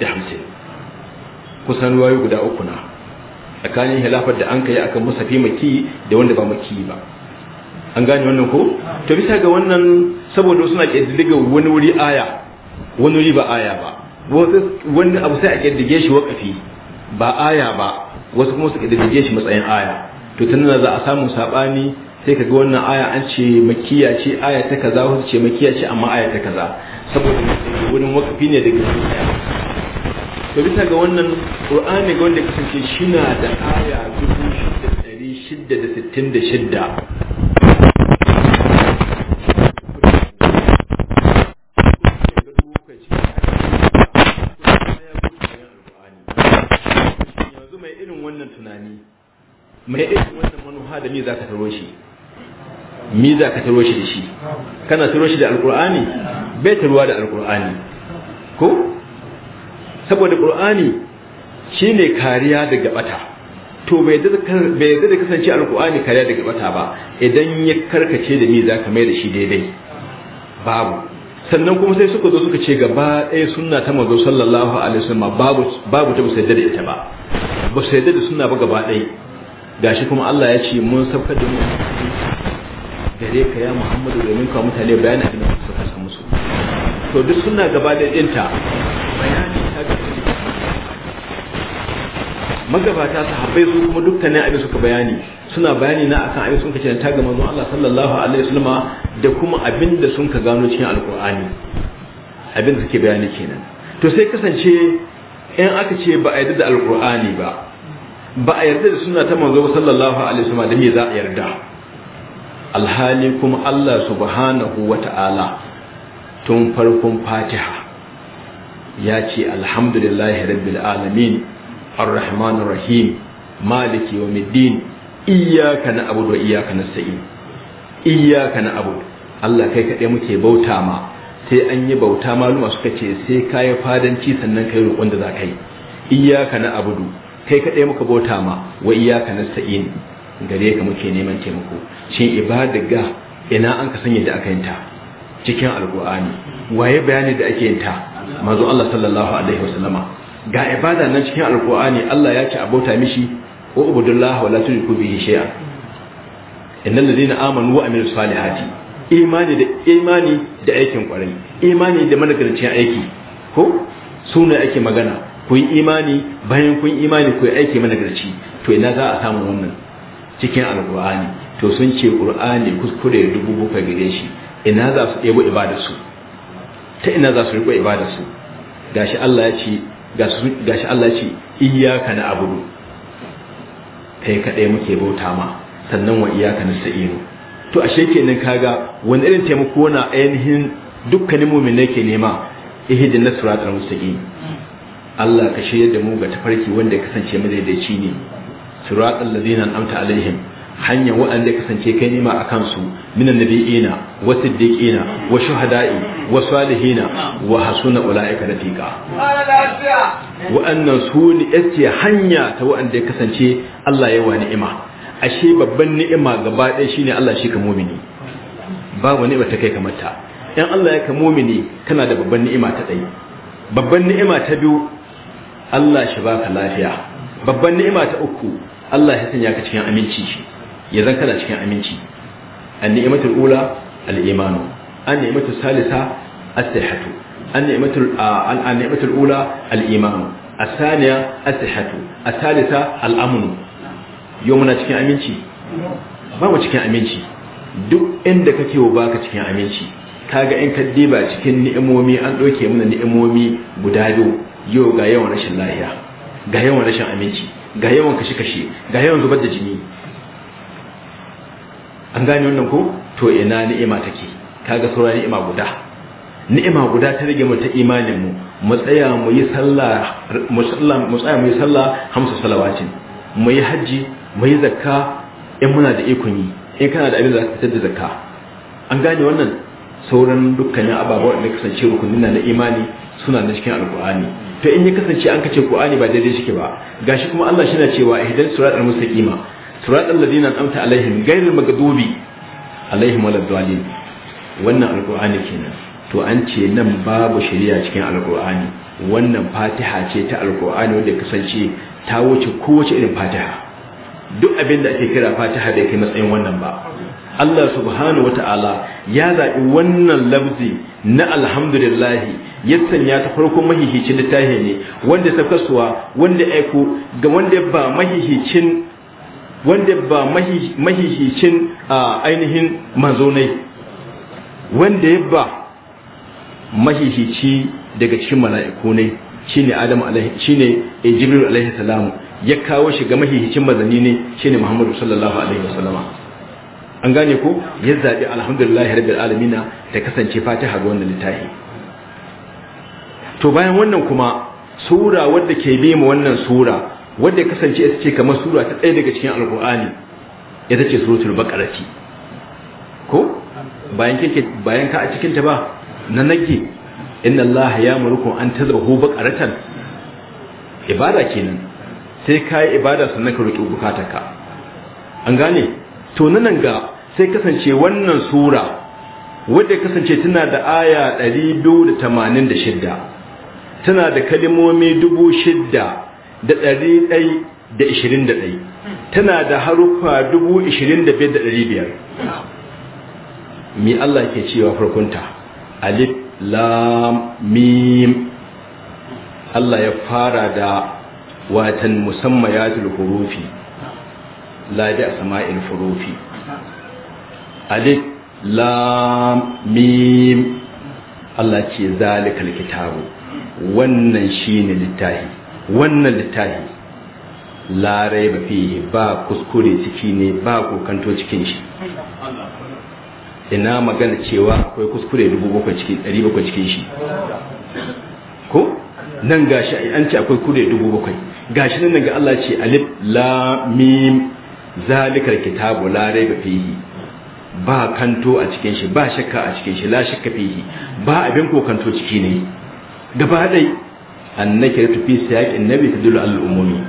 da hamsin. kusan wayo guda uku na tsakanin hilafar da an kai akan musafi maki da wanda ba maki ba an gane wannan ko to bisa ga wannan saboda suna ƙididdiga wani wuri aya wani wuri ba aya ba wani abu sai a kiddige shi wakafi ba aya ba wasu kuma su kiddige shi matsayin aya to tun za a samu sabani sai kaga wannan aya an ce makiya ce aya ta kaza wasu ce makiya ce amma aya ta kaza saboda wurin wakafi ne daga to bisa ga wannan qur'ani ga wanda kasance shi na da aya 666 mai irin wannan manuha da me za ka taro shi Miza za ka taro shi da shi kana taro shi da alkur'ani bai taruwa da alkur'ani ko saboda qur'ani shine kariya daga bata to bai yadda da kasance alkur'ani kariya daga bata ba idan ya karkace da me za ka mai da shi daidai babu sannan kuma sai suka zo suka ce gaba ɗaya sunna ta mazo sallallahu alaihi wasallam babu babu ta musayyada da ita ba ba su yadda da sunna ba gaba ɗaya gashi kuma Allah ya ce mun saukar da mu gare ka ya Muhammadu domin ka mutane bayani abin da suka samu su to duk suna gaba da dinta bayani ta ga magabata sahabbai su kuma dukkanin abin suka bayani suna bayani na akan abin sun kace ta ga manzon Allah sallallahu alaihi wasallama da kuma abin da sun ka gano cikin alkur'ani abin da suke bayani kenan to sai kasance in aka ce ba a yarda da alkur'ani ba ba a yarda da suna ta manzo sallallahu alaihi wasallam da me za a yarda alhali kuma Allah subhanahu wata'ala tun farkon Fatiha ya ce alhamdulillahi rabbil alamin arrahmanir rahim maliki yawmiddin iyyaka na'budu wa iyyaka nasta'in iyyaka na'budu Allah kai kaɗai muke bauta ma sai an yi bauta maluma suka ce sai kayan fadanci sannan kai roƙon da za ka yi iyyaka na'budu kai kaɗai muka bauta ma wa iyaka nasta'in gare ka muke neman taimako shin ibada ga ina an ka sanya da aka yin ta cikin alkur'ani waye bayani da ake yin ta manzo Allah sallallahu alaihi wasallama ga ibada nan cikin alkur'ani Allah ya ce a bauta mishi wa ubudullah wa la tushriku bihi shay'a innal ladina amanu wa amilus salihati imani da imani da aikin kwarai imani da managarcin aiki ko suna ake magana ku yi imani bayan kun imani ku yi aiki mana garci to ina za a samu wannan cikin alkur'ani to sun ce qur'ani kuskure dubu buka gare shi ina za su ɗebo ibada su ta ina za su riƙo ibada su gashi Allah ya ce gashi Allah ya ce iyyaka na'budu kai kadai muke bauta ma sannan wa iyyaka nasta'inu to ashe kenan kaga wani irin taimako na ainihin dukkanin mu'min ke nema ihdina siratal mustaqim Allah ka shirya da mu ga tafarki wanda ya kasance madaidaici ne siratal ladina an'amta alaihim hanyar waɗanda ya kasance kai nima a kansu minan nabiyina wa siddiqina wa shuhada'i wa salihina wa hasuna ulaika rafiqa wa'annan su ne yace hanya ta waɗanda ya kasance Allah ya wa ni'ima ashe babban ni'ima gaba ɗaya shine Allah shi ka mu'mini babu ba ta kai kamar ta in Allah ya ka mu'mini kana da babban ni'ima ta ɗaya babban ni'ima ta biyu Allah shi baka lafiya babban ni'ima ta uku Allah ya sanya ka cikin aminci ya zan kana cikin aminci an ni'imatul ula al-imanu an ni'imatul salisa as-sihhatu an ni'imatul an ni'imatul ula al-imanu as-thaniya as-sihhatu as-salisa al-amnu yau cikin aminci ba mu cikin aminci duk inda kake wa baka cikin aminci kaga in ka diba cikin ni'imomi an doke mana ni'imomi guda biyu yau ga yawan rashin lahiya ga yawan rashin aminci ga yawan kashe-kashe ga yawan zubar da jini an gane wannan ko to ina ni'ima take kaga sura ni'ima guda ni'ima guda ta rage mu ta imanin mu mu tsaya mu yi sallah mu tsaya mu yi sallah hamsa salawatin mu yi haji mu yi zakka in muna da ikon yi in kana da abin da zaka fitar da zakka an gane wannan sauran dukkanin ababa da kasance rukunin na imani suna da cikin alkur'ani to in ya kasance an kace Qur'ani ba daidai shike ba gashi kuma Allah shi na cewa surat al mustaqima surat ladina an'amta alaihim ghayril maghdubi alaihim waladdallin wannan alqur'ani kenan to an ce nan babu shari'a cikin alqur'ani wannan fatiha ce ta alqur'ani wanda kasance ta wuce kowace irin fatiha duk abin da ake kira fatiha bai kai matsayin wannan ba Allah subhanahu wata'ala ya zaɓi wannan labzi na alhamdulillahi ya sanya ta farko mahihicin littafi ne wanda ta kasuwa wanda aiko ga wanda ba mahihicin wanda ba mahihicin ainihin mazonai, wanda ya ba mahihici daga cikin mala'iku ne shine Adam alaihi shine Jibril alaihi salamu ya kawo shi ga mahihicin mazani ne shine Muhammadu sallallahu alaihi wasallama an gane ko ya zabi alhamdulillahi rabbil alamina ta kasance fatiha ga wannan littafi to bayan wannan kuma sura wadda ke bi mu wannan sura wadda kasance ita ce kamar sura ta ɗaya daga cikin alkur'ani ita ce suratul baqara ce ko bayan kike bayan ka a cikin ta ba na nake inna allaha ya'murukum an tazahu baqaratan ibada kenan sai kai ibada sannan ka roki bukatanka an gane to nan ga sai kasance wannan sura wadda kasance tana da aya 286 tana da kalimomi 6,121 tana da haruffa 25,500 mi Allah ke cewa farkunta alif lam mim Allah ya fara da watan musamman ya hurufi la a Sama'il furufi alif lam mim Allah ce zalikal kitabu wannan shine littafi wannan littafi Larai raiba fihi ba kuskure ciki ne ba kokanto cikin shi ina magana cewa akwai kuskure 700 cikin shi ko nan gashi an ce akwai kure 700 gashi nan ga Allah ce alif lam mim zalikar kitabu la raiba fihi ba kanto a cikin shi ba shakka a cikin shi la shakka fihi ba abin ko kanto ciki ne gaba dai annaka ta fi siyaqin nabi ta al umumi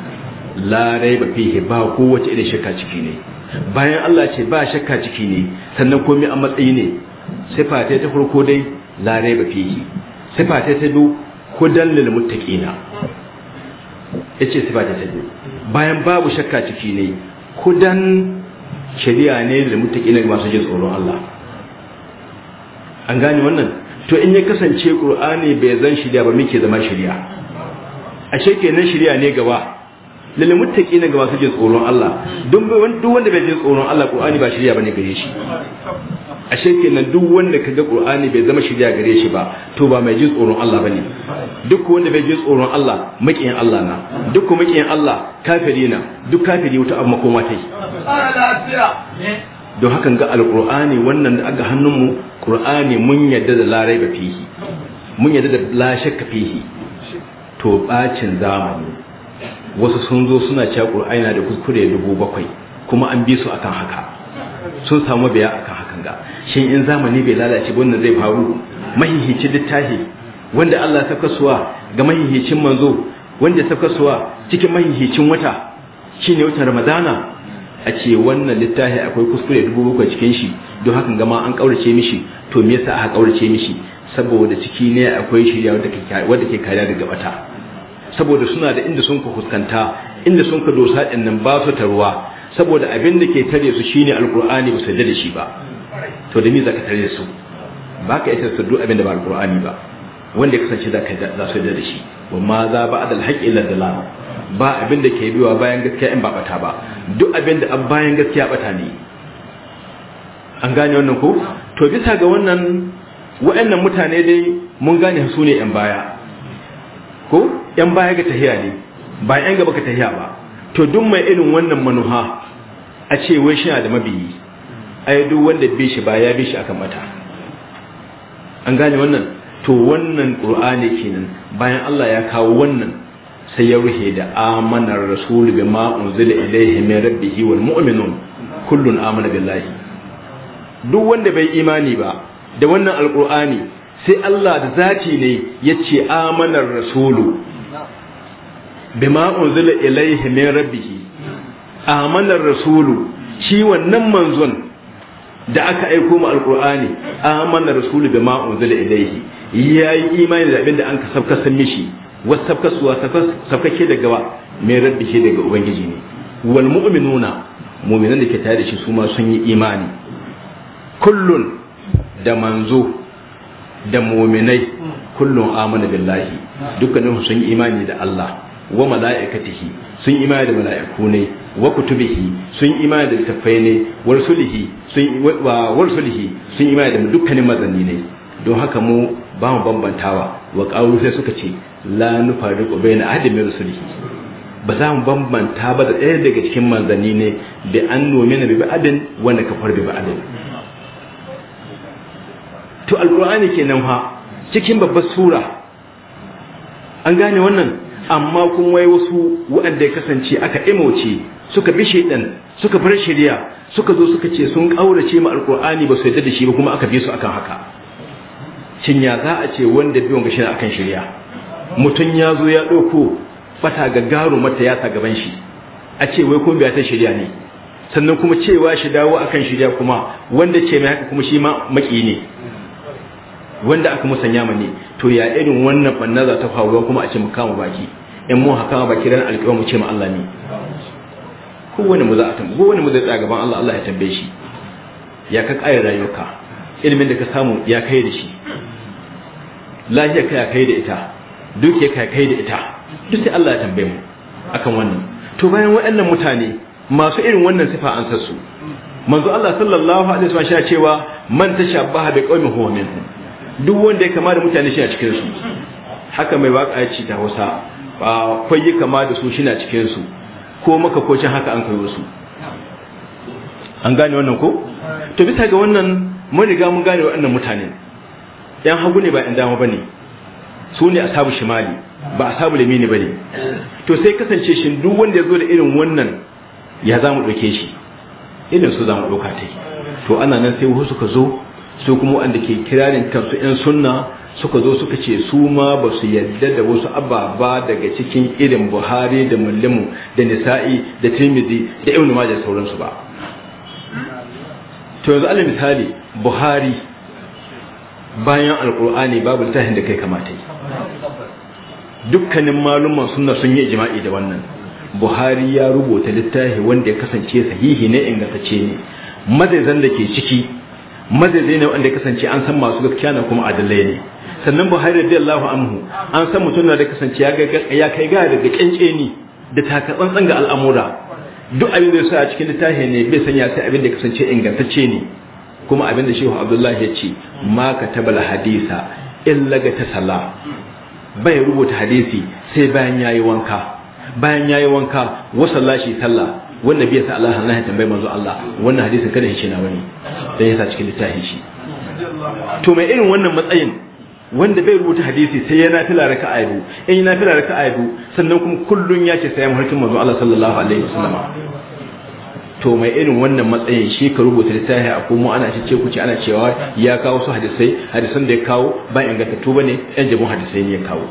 la raiba fihi ba kowace irin shakka ciki ne bayan Allah ce ba shakka ciki ne sannan komai a matsayi ne sifa ta farko dai la raiba fihi sifa ta biyu hudan lil muttaqina yace sifa ta biyu bayan babu shakka ciki ne kudan shari'a ne da mutaki na masu jin tsoron Allah an gane wannan to in ya kasance qur'ani bai zan shari'a ba muke zama shari'a ashe kenan shari'a ne gaba lalle mutaki na ga masu jin tsoron Allah duk wanda bai jin tsoron Allah qur'ani ba shari'a bane gare shi ashe kenan duk wanda ka ga qur'ani bai zama shirya gare shi ba to ba mai ji tsoron Allah bane duk wanda bai ji tsoron Allah makiyin Allah na duk kuma makiyin Allah kafiri na duk kafiri wuta amma koma tai don hakan ga alqur'ani wannan da aka hannun mu qur'ani mun yadda da larai ba fihi mun yadda da la shakka fihi to bacin zamani wasu sun zo suna cewa qur'ani na da kuskure dubu bakwai kuma an bi su akan haka sun samu biya akan haka ga shin in zamani bai lalace wannan zai faru mahihicin littafi wanda Allah ta kasuwa ga mahihicin manzo wanda ta kasuwa cikin mahihicin wata shine wata Ramadana a ce wannan littahi akwai kuskure dubu bakwai cikin shi don hakan gama an kaurace mishi to me yasa aka kaurace mishi saboda ciki ne akwai shirya wanda ke kariya daga bata saboda suna da inda sun ka fuskanta inda sun ka dosa ɗin nan ba su taruwa saboda abin da ke tare su shine alqur'ani ba su da shi ba to da mi zaka tare su ba ka isa su duk abin da ba alqur'ani ba wanda ya kasance zaka za su da shi wa ma za ba adal haqqi illa dalal ba abin da ke biwa bayan gaskiya in ba bata ba duk abin da bayan gaskiya bata ne an gane wannan ko to bisa ga wannan wa'annan mutane dai mun gane su ne yan baya ko yan baya ga tahiya ne ba yan gaba ka tahiya ba to duk mai irin wannan manuha a ce wai shi da mabiyi ai duk wanda bi shi ba ya bi shi akan mata an gane wannan to wannan qur'ani kenan bayan Allah ya kawo wannan sai ya ruhe da amanar rasul ma unzila ilayhi min rabbihi wal mu'minun kullun amana billahi duk wanda bai imani ba da wannan alqur'ani sai Allah da zati ne yace amanar rasulu ma unzila ilayhi min rabbihi amanar rasulu shi wannan manzon da aka aiko mu alqur'ani amanna rasulu bima unzila ilayhi yayi imani da abin da an kasabka san mishi wasabka suwa sabkake daga wa mai rabbi ke daga ubangiji ne wal mu'minuna mu'minan da ke tare da shi su ma sun yi imani kullun da manzo da mu'minai kullun amana billahi dukkanin sun yi imani da Allah wa mala'ikatihi sun yi imani da mala'iku ne wa kutubihi sun imani da littattafai ne wa rusulihi sun sun imani da dukkanin manzanni ne don haka mu ba mu bambantawa wa ƙaru sai suka ce la nufa ƙobe na ahadin min sulhi. ba za mu bambanta ba da ɗaya daga cikin manzanni ne da an nome na bibi adin wanda kafar bibi adin to ke nan ha cikin babbar sura an gane wannan amma kun wai wasu waɗanda ya kasance aka imoce suka bi shaidan suka bar shari'a suka zo suka ce sun kaurace mu alqur'ani ba su yadda da shi ba kuma aka bi su akan haka shin ya za a ce wanda bi wanga shine akan shari'a mutun ya zo ya dauko Fata gagaru mata ya ta gaban shi a ce wai ko biya ta shari'a ne sannan kuma cewa shi dawo akan shari'a kuma wanda ce mai haka kuma shi ma maki ne wanda aka musanya mani, ne to ya irin wannan banna za ta faruwa kuma a ce mu kama baki in mu haka kama baki ran alƙawa mu ce ma Allah ne wani mu za a tambaye wani mu zai tsaya gaban Allah Allah ya tambaye shi ya ka kai rayuwarka ilimin da ka samu ya kai da shi lafiya ka ya kai da ita dukiya ka ya kai da ita duk sai Allah ya tambaye mu akan wannan to bayan waɗannan mutane masu irin wannan sifa an san su manzo Allah sallallahu alaihi wasallam ya cewa man tashabbaha bi qaumi huwa minhum duk wanda ya kama da mutane shi a cikin su haka mai waka ya ci ta hausa ba yi kama da su shi na cikin su ko maka haka an kai wasu an gane wannan ko to bisa ga wannan mun riga mun gane waɗannan mutane yan hagu ne ba yan dama bane su ne sabu shimali ba ashabu lamini bane to sai kasance shi duk wanda ya zo da irin wannan ya zamu ɗauke shi irin su zamu ɗauka ta to ana nan sai wasu suka zo su kuma wanda ke kirarin kansu 'yan sunna suka zo suka ce su ma ba su yadda da wasu ababa daga cikin irin buhari da mulimu da nisa'i da tirmidhi da ibn da sauransu ba to yanzu alal misali buhari bayan alkur'ani babu littafin da kai kamata dukkanin malumman sunna sun yi jima'i da wannan buhari ya rubuta littafi wanda ya kasance sahihi ne ingantacce ne madaizan da ke ciki madadai ne wanda kasance an san masu gaskiya na kuma adalai ne sannan buhari radiyallahu anhu an san mutum da kasance ya kai ga daga kyankyeni da takatsantsan ga al'amura duk abin da ya sa a cikin littafi ne bai sanya sai abin da ya kasance ingantacce ne kuma abin da shehu abdullahi ya ce ma ka tabala hadisa illa ga ta sala bai rubuta hadisi sai bayan yayi wanka bayan yayi wanka wasallashi sallah wannan biya sa Allah Allah ya tambaye manzo Allah wannan hadisin kada shi na bane dan yasa cikin littafin shi to mai irin wannan matsayin wanda bai rubuta hadisi sai yana tila raka aibu in yana tila raka aibu sannan kuma kullun ya ce sai ya manzo Allah sallallahu alaihi wasallam to mai irin wannan matsayin shi ka rubuta littafi a kuma ana ce ce ana cewa ya kawo su hadisai hadisan da ya kawo ba ingantattu bane yan jabun hadisai ne ya kawo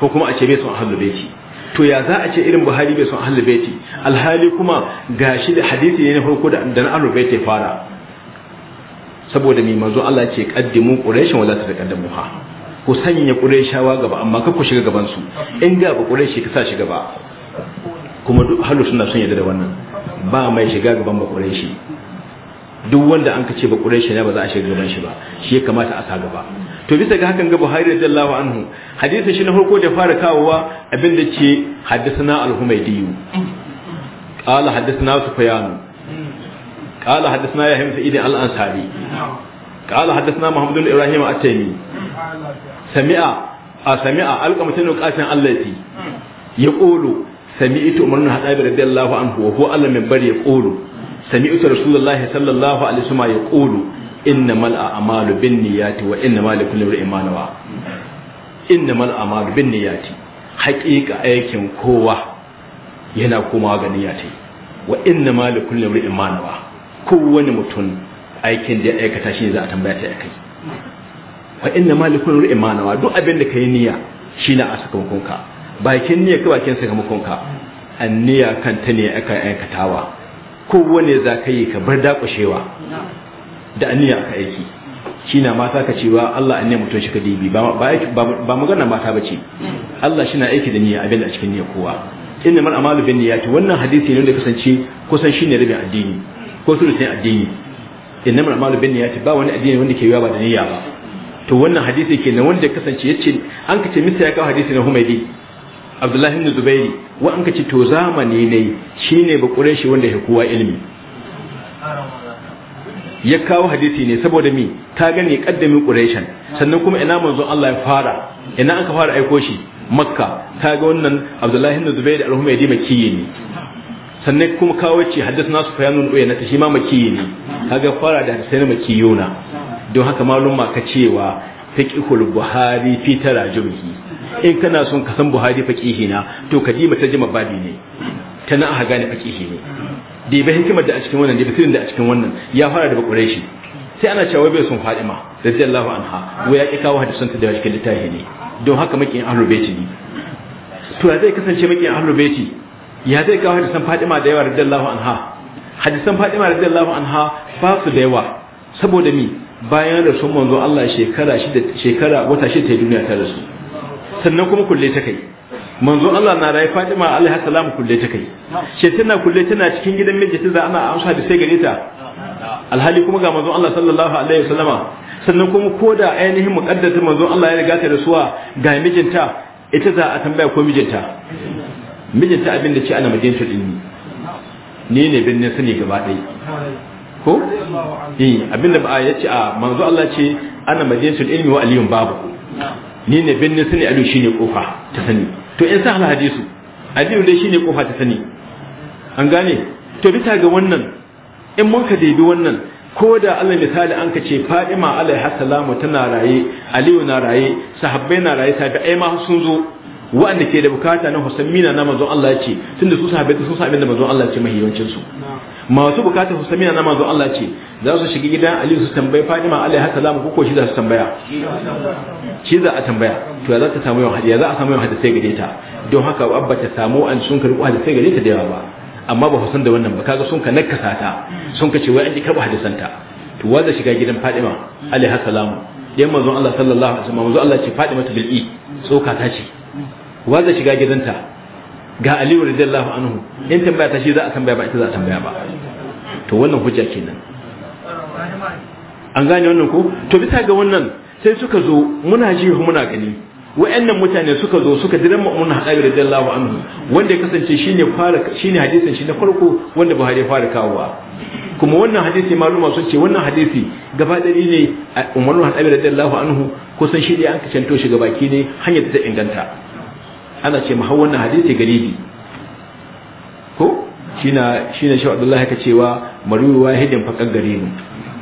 ko kuma a ce bai son ahlul baiti to ya za a ce irin buhari bai son ahlul baiti alhali kuma gashi da hadisi ne na farko da na ahlul baiti fara saboda mai manzo Allah ce qaddimu quraishan wala ha, ku sanya quraishawa gaba amma ka ku shiga gaban su in ga ba quraishi ka sa shi gaba kuma duk halu suna son yadda da wannan ba mai shiga gaban ba quraishi duk wanda an ka ce ba quraishi ne ba za a shiga gaban shi ba shi ya kamata a sa gaba to bisa ga hakan ga Buhari radiyallahu anhu hadisi shi na farko da fara kawowa abinda ce haddathana al-Humaydi qala haddathana Sufyan qala haddathana yahim Sa'id al-Ansari qala haddathana Muhammad bin Ibrahim at-Taymi sami'a a sami'a al qamtinu qasin allati yaqulu sami'tu Umar bin Hadabi radiyallahu anhu wa huwa al-minbar yaqulu sami'tu Rasulullahi sallallahu alaihi wasallam yaqulu innamal a'malu niyyati wa innamal likulli imrin imanawa nawa innamal a'malu niyyati, haƙiƙa aikin kowa yana komawa ga niyya tai wa innamal likulli imrin imanawa, nawa kowane mutum aikin da ya aikata shi za a tambaya ta kai wa innamal likulli imrin ma imanawa, duk abin da kai niyya shi na a sakamakon ka bakin niyya ka bakin sakamakon ka an niyya kan ta ne aka aikatawa kowane za ka yi ka bar dakushewa da aniya aka aiki shi na mata ka cewa Allah an ne mutum shi ka dibi ba magana mata ba ce Allah shi na aiki da niyya abin da a cikin niyya kowa inna mal amalu bin niyyati wannan hadisi ne da kasance kusan shine rabin addini ko sulusin addini inna mal amalu bin niyyati ba wani addini wanda ke yiwa ba da niyya ba to wannan hadisi kenan wanda kasance yace an kace misa ya kawo hadisi na Humaydi Abdullahi ibn Zubairi wa an kace to zamani ne shine bakuren shi wanda ya kowa ilimi ya kawo hadisi ne saboda mi ta gane kaddamin quraishan sannan kuma ina manzon Allah ya fara ina aka fara aiko shi makka ta ga wannan abdullahi ibn zubair al-humaydi makkiyi ne sannan kuma kawo ce nasu sufyanun uyana ta shi ma makkiyi ne kaga fara da hadisai makkiyuna don haka malum ma ka cewa fiqhul buhari fi tarajumihi in kana son ka san buhari faqihina to kadima tarjuma babi ne tana a gane faqihi ne da ba hikimar da a cikin wannan da basirin da a cikin wannan ya fara da bakure shi sai ana cewa bai sun zai Allah anha wa ya ki kawo hadisan ta da cikin littafi ne don haka makin ahlul baiti ne to ya zai kasance makin ahlul baiti ya zai kawo hadisan fadima da yawa radiyallahu anha hadisan Fatima radiyallahu anha ba su da yawa saboda mi bayan da sun manzo Allah shekara shida shekara wata shida ta duniya ta rasu sannan kuma kulle ta kai manzo Allah na rayu Fatima alaihi salam kulle ta kai ce tana kulle tana cikin gidan mijinta da ana amsa da sai gare ta alhali kuma ga manzo Allah sallallahu alaihi wasallama sannan kuma ko da ainihin muqaddata manzo Allah ya riga ta rasuwa ga mijinta ita za a tambaya ko mijinta mijinta abin da ce ana majinta din ni ne bin ne sani gaba dai ko eh abin da ba ya ce a manzo Allah ce ana majinta ilmi wa aliyun babu ni ne bin ne sani alu shine kofa ta sani to in sa hadisu Aliyu dai shine kofa ta sani an gane to bisa ga wannan in mun ka debi wannan ko da Allah misali an ka ce Fadima alaiha salamu tana raye Aliyu na raye sahabbai na raye sai ai ma sun zo wa'anda ke da bukata na husamina na manzon Allah ce tunda su sahabbai sun sa abin da manzon Allah ce mahiyancin su masu bukata husamina na manzon Allah ce za su shiga gidan Ali su tambayi Fatima Allah haka za ko koko shi za su tambaya shi za a tambaya to za ta samu yawan hadiya za a samu yawan hadisai gare ta don haka abba ta samu an sun karɓi hadisai gare ta da yawa ba amma ba san da wannan ba kaga sun ka nakasa ta sun ka ce wai an ji karɓi ta to wanda shiga gidan Fatima alaiha salamu dai manzon Allah sallallahu alaihi wasallam manzon Allah ce Fatima ta bil'i tsoka ta ce wa zai shiga gidanta ga aliyu radiyallahu anhu in tambaya ta shi za a tambaya ba ita za a tambaya ba to wannan hujja kenan an gane wannan ko to bisa ga wannan sai suka zo muna ji muna gani wa'annan mutane suka zo suka diran ma'amun haɗari radiyallahu anhu wanda ya kasance shine fara shine hadisin shi na farko wanda Buhari ya fara kawowa kuma wannan hadisi maluma sun ce wannan hadisi gaba dari ne umarnu haɗari radiyallahu anhu kusan shi ne an kacanto shi gabaki ne hanyar ta inganta ana ce mahau wannan hadisi ribi, ko shine shine shi Abdullahi ka cewa maruwa wahidin gare garimu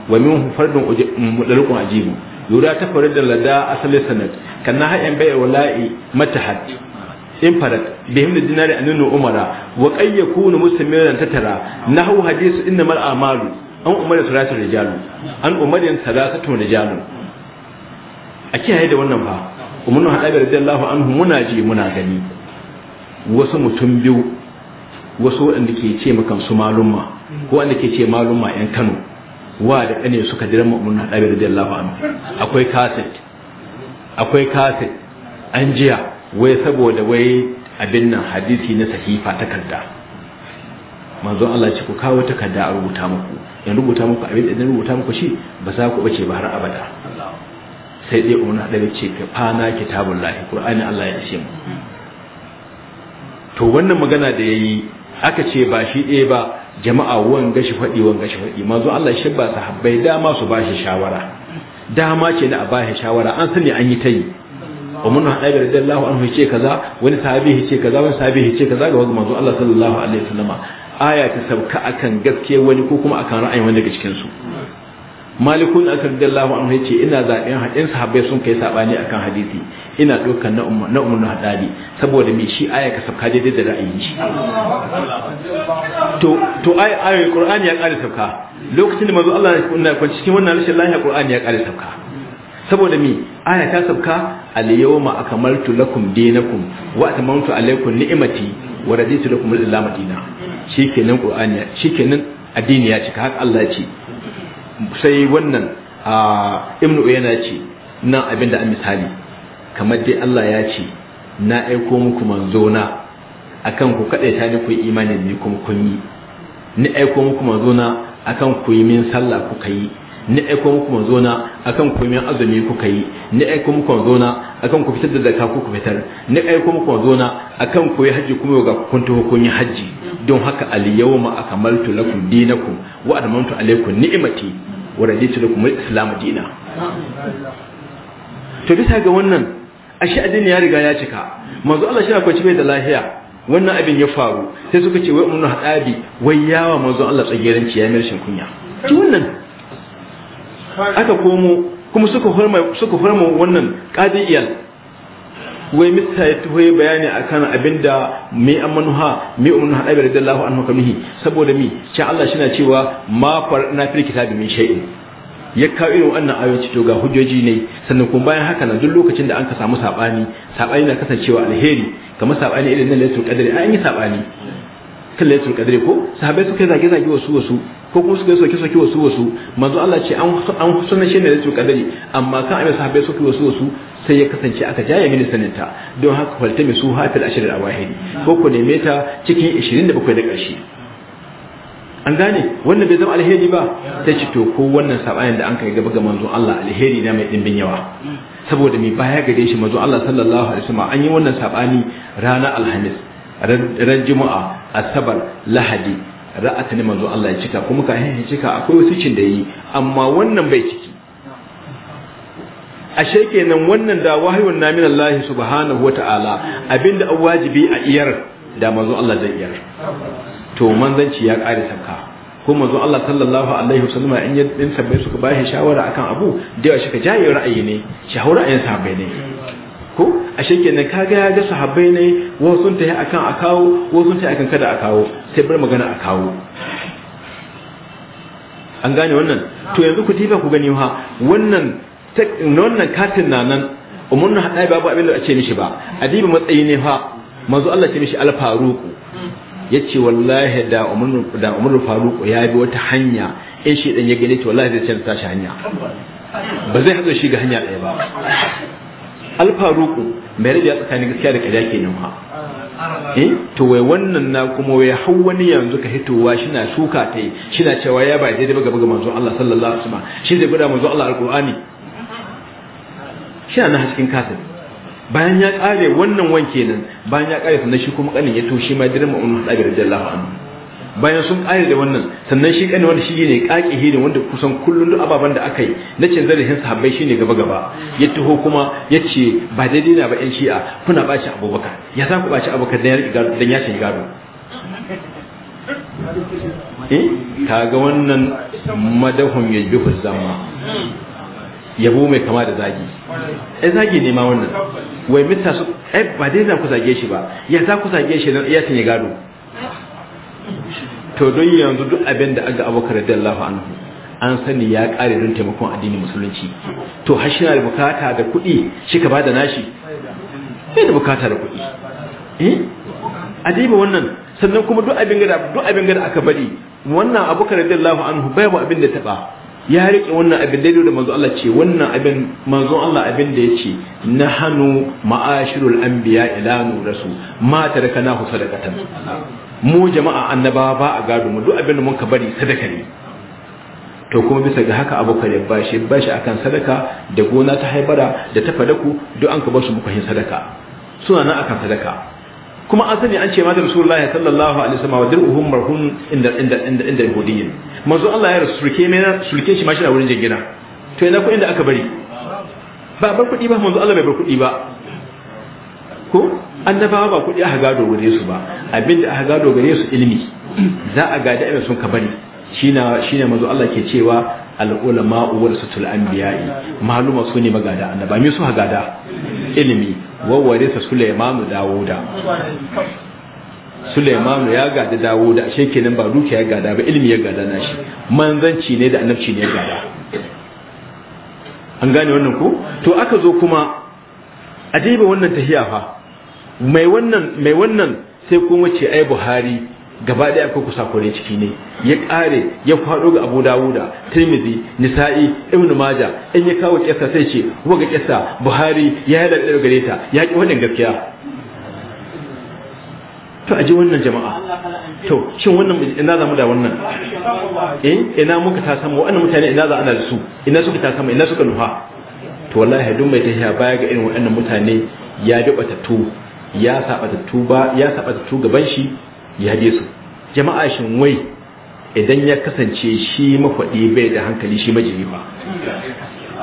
wa min fardun mudalqun ajibu yura ta da lada asali sanad kana hayan bai wala'i matahad in farad bihim da dinari annu umara wa qay yakunu muslimin tatara nahu hadisu innamal a'malu an umara salatu rijalu an umarin salatu rijalu a kiyaye da wannan fa umar na da radiyallahu anhu muna ji muna gani wasu mutum biyu wasu waɗanda ke ce makan su malumma ko wanda ke ce malumma yan kano wa da kane suka jira mu na da radiyallahu anhu akwai kaset akwai kaset an jiya wai saboda wai abin nan hadisi na sahifa takarda manzo Allah ce ku kawo takarda a rubuta muku in rubuta muku abin da rubuta muku shi ba za ku bace ba har abada sai dai umar hadari ce ka fana kitabun lahi ƙur'ani Allah ya ishe mu to wannan magana da yayi aka ce ba shi ɗaya ba jama'a wanga shi faɗi wanga shi faɗi manzo Allah shi ba sahabbai dama su ba shi shawara dama ce na a ba shi shawara an sani an yi ta yi umar hadari radiyallahu anhu ya ce kaza wani sahabi ya ce kaza wani sahabi ya ce kaza ga wanda manzo Allah sallallahu alaihi wasallama aya ta sauka akan gaske wani ko kuma akan ra'ayin wani daga cikin su malikun aka rida Allah an ce ina zaɓen haɗin sahabbai sun kai saɓani akan hadisi ina ɗaukar na umar na haɗari saboda me shi aya ka sauka daidai da ra'ayin shi to to ayoyi qur'ani ya ƙare sauka lokacin da manzo Allah ya kwanci cikin wannan rashin lafiya qur'ani ya ƙare sauka saboda mi aya ta sabka al-yawma akmaltu lakum dinakum wa atamantu alaykum ni'mati wa raditu lakum al-islam dinan shikenan qur'ani shikenan addini ya cika haka Allah ya ce sai wannan ibnu uyana ce nan abin da an misali kamar dai Allah ya ce na aiko muku manzona akan ku kaɗai ta ni ku yi imanin ni kuma kun yi ni aiko muku manzo na akan ku yi min sallah kuka yi na aiko muku manzo na akan ku mai azumi kuka yi na aiko muku manzo na akan ku fitar da zakka ku ku fitar na aiko muku manzo na akan ku yi haji kuma ga kun taho kun yi haji don haka al yawma akmaltu lakum dinakum wa admantu alaykum ni'mati wa raditu lakum al islam dina to bisa ga wannan ashe addini ya riga ya cika manzo Allah shi akwai bai da lafiya wannan abin ya faru sai suka ce wai ummu hadabi wai yawa manzo Allah tsageranci ya mirshin kunya ki wannan aka komo kuma suka hurma suka hurma wannan qadiyan wai mista ya tuho bayani akan abinda mai amanuha mai umarnu haɗa bai radiyar lahu anhu kamihi saboda mi ce Allah shi na cewa ma na fi kitabi min shay'in ya kawo irin wannan ayoyi to ga hujjoji ne sannan kuma bayan haka nan duk lokacin da an ka samu sabani sabani na kasancewa alheri kamar sabani irin na laitul qadri an yi sabani kan laylatul qadri ko sahabbai suka zage zage wasu wasu ko kuma suka yi soke soke wasu wasu manzo Allah ce an sunan shi ne da tsoka dare amma kan abin sahabbai soke wasu wasu sai ya kasance aka jaye mini saninta don haka falta mai su hafil ashirin a wahidi ko ku neme ta cikin 27 da ƙarshe an gane wannan bai zama alheri ba sai ci to ko wannan sabanin da an kai gaba ga manzo Allah alheri na mai ɗimbin yawa saboda mai baya gare shi manzo Allah sallallahu alaihi wasallam an yi wannan sabani ranar alhamis ran juma'a asabar lahadi ra'ata ne manzo Allah ya cika kuma kafin ya cika akwai wasu cin da yi amma wannan bai ciki ashe kenan wannan da wahayun na min Allah subhanahu ta'ala abinda an wajibi a iyar da manzo Allah zai iyar to manzanci ya kare sanka ko manzo Allah sallallahu alaihi wasallam in ya din sabbai suka bashi shawara akan abu da ya shi ka jayi ra'ayi ne shawara ayin sahabbai ne ko a shekin ne ya ga sahabbai ne wasu sun tafi akan a kawo wasu sun tafi akan kada a kawo sai bar magana a kawo an gane wannan to yanzu ku tifa ku gani ha wannan wannan katin na nan umurnu hada babu abin da a ce mishi ba adibi matsayi ne fa manzo Allah ce mishi al-faruqu yace wallahi da umurnu da umurnu faruqu ya bi wata hanya in shi dan ya gane to wallahi zai canza shi hanya ba zai hazo shi ga hanya ɗaya ba alfaruku mai rabiya tsakanin gaskiya da ƙarya kenan ha eh to wai wannan na kuma wai hau wani yanzu ka hitowa shina shuka ta yi shina cewa ya ba daidai ba buga ga manzon Allah sallallahu alaihi wasallam shi zai buga manzo Allah alqur'ani shina na cikin kasin bayan ya kare wannan wanke nan bayan ya kare sannan shi kuma kanin ya to shi ma dirma ummu sabir radiyallahu anhu bayan sun ƙare da wannan sannan shi ƙani wanda shi ne ƙaƙi ne wanda kusan kullum duk ababen da aka yi na cin zarafin sahabbai ne gaba gaba ya taho kuma ya ce ba daidai na ba 'yan shi'a kuna ɓaci abubakar ya za ku ɓaci abubakar don ya shiga gado eh, Ka ga wannan madahun ya bi zama yabo mai kama da zagi ai zagi ne ma wannan wai mita su ai ba dai za ku zage shi ba ya za ku zage shi dan iya tanye gado to don yanzu duk abin da aga abubakar radiyallahu anhu an sani ya kare don taimakon addinin musulunci to har shi da bukata da kuɗi shi ka bada nashi sai da bukata da kuɗi eh adiba wannan sannan kuma duk abin gada duk abin gada aka bari wannan abubakar radiyallahu anhu bai mu abin da taba ya rike wannan abin daidai da manzo Allah ce wannan abin manzo Allah abin da yace nahanu ma'ashirul anbiya ila nurasu ma tarakanahu sadaqatan mu jama'a annabawa ba a gado mu duk abin da mun ka bari sadaka ne to kuma bisa ga haka abokan shi bashi shi akan sadaka da gona ta haibara da ta fadaku duk an ka su muka yin sadaka suna nan akan sadaka kuma an sani an ce ma da rasulullahi sallallahu alaihi wasallam wa dir'uhum marhum inda inda inda inda yahudiyyin manzo Allah ya rasulke me na sulke shi ma shi na wurin jingina to ina ku inda aka bari ba bar kuɗi ba manzo Allah bai bar kuɗi ba ko annabawa ba kuɗi aka gado gare su ba abinda aka gado gare su ilimi za a gada abin sun ka bari shine shine manzo Allah ke cewa al-ulama warasatul anbiya'i maluma su ne magada annaba me su gada ilimi wawware sa Sulaiman Dawuda Suleiman ya gada dawo da ashe kenan ba dukiya ya gada ba ilimi ya gada nashi manzanci ne da annabci ne ya gada an gane wannan ko to aka zo kuma a wannan tahiya fa mai wannan mai wannan sai kuma ce ai buhari gaba ɗaya ku kusakure ciki ne ya ƙare ya faɗo ga abu dawuda tirmidhi nisa'i ibnu maja in ya kawo kyasa sai ce waga kyasa buhari ya yi daga gare ta ya ƙi wannan gaskiya to aji wannan jama'a to shin wannan ina za mu da wannan eh ina muka ta samu wannan mutane ina za ana da su ina suka ta samu ina suka nuha to wallahi duk mai tafiya baya ga irin waɗannan mutane ya to ya saba da tuba gaban shi ya hade su jama'a shin wai idan ya kasance shi mafaɗi bai da hankali shi maji ba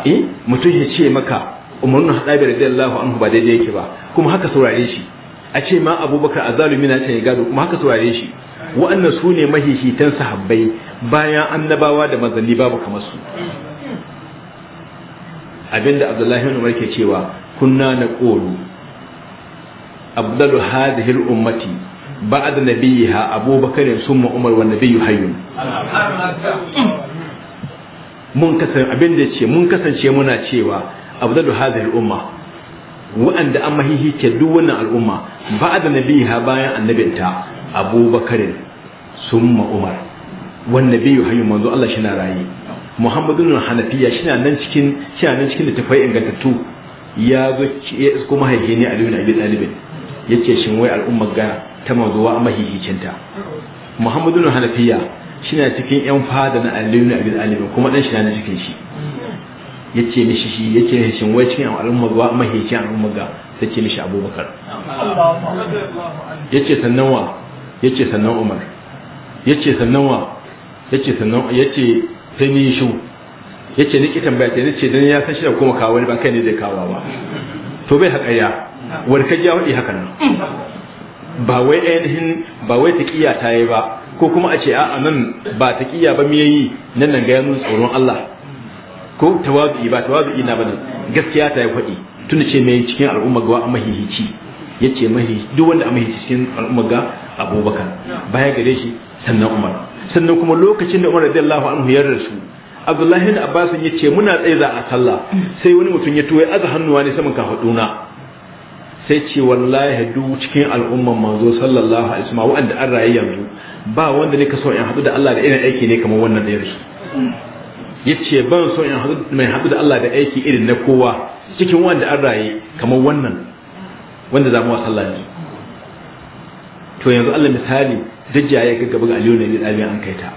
eh mutum ya ce maka umarnu da radiyallahu an ba daidai yake ba kuma haka saurare shi a ce ma abubakar a azalumi na can ya gado kuma haka saurare shi wa'annan su ne mahihitan sahabbai bayan annabawa da mazalli babu kamar su abinda abdullahi ibn umar ke cewa kunna na ƙoro abdalu hadhihi al-ummati ba'da nabiyha abubakar summa umar wa nabiyyu hayyun mun kasance abin da ce mun kasance muna cewa abdalu hadhihi al-umma wa'anda an ke duk wannan al'umma ba'da nabiyha bayan annabinta abubakar summa umar wa nabiyyu hayyun manzo Allah shi na rayi muhammadun hanafiya shi na nan cikin shi na nan cikin littafai ingantattu ya zo kuma haihe ne a duniya abin ɗalibin yace shin wai al'ummar ga ta mazuwa mahihicinta muhammadu na hanafiya na cikin yan fada na aliyu na abin alibi kuma dan shi na cikin shi yace mishi shi yace shi wai cikin al'ummar ga mahihicin al'ummar ga tace mishi abubakar yace sannan wa yace sannan umar yace sannan wa yace sannan yace sai ni shu yace niki tambaya ta yace dan ya san shi da kuma kawo ne kai ne zai kawo ba to bai haƙaya warkajiya waɗi haka nan eh. ba wai ainihin ba wai ta ƙiya ta yi ba ko kuma a ce a nan ba ta ƙiya ba me yi nan nan ga yanzu tsoron Allah ko tawazu'i ba tawazu'i na bane gaskiya ta yi faɗi tun ce mai cikin al'umma ga mahihici ce mahi duk wanda a mahihici cikin al'umma ga Abubakar baya gare shi sannan Umar sannan kuma lokacin da Umar radiyallahu anhu ya rasu Abdullahi da Abbas ya ce muna tsaye za a sallah mm. sai wani mutum ya tuwaye aza hannuwa ne saman kafaduna sai ce wallahi duk cikin al'umman manzo sallallahu alaihi wasallam wanda an rayu yanzu ba wanda ne ka so in haɗu da Allah da irin aiki ne kamar wannan da yake yace ban so in haɗu mai haɗu da Allah da aiki irin na kowa cikin wanda an rayu kamar wannan wanda zamu wa sallah ne to yanzu Allah misali dajja ya ga gaba ga Aliyu ne da an kai ta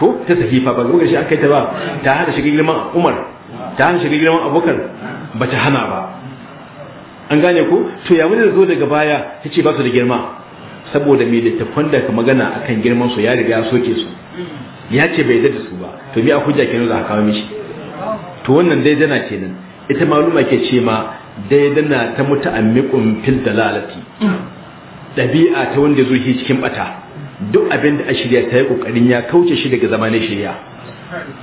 ko ta sahifa ba ga shi an kai ta ba ta hada shiga girman Umar ta hada shiga girman Abubakar ba ta hana ba an gane ku? to ya wani zo daga baya ta ce ba su da girma saboda mai littattafan da magana akan girman su ya riga ya soke su mm. ya ce bai da su ba to me a hujja kenan za a kawo mishi to wannan dai dana kenan ita maluma ke ce ma dai dana ta muta'ammiqun fil dalalati dabi'a mm. ta wanda zo shi cikin bata duk abin da a shirya ta yi kokarin ya kauce shi daga zamanin shirya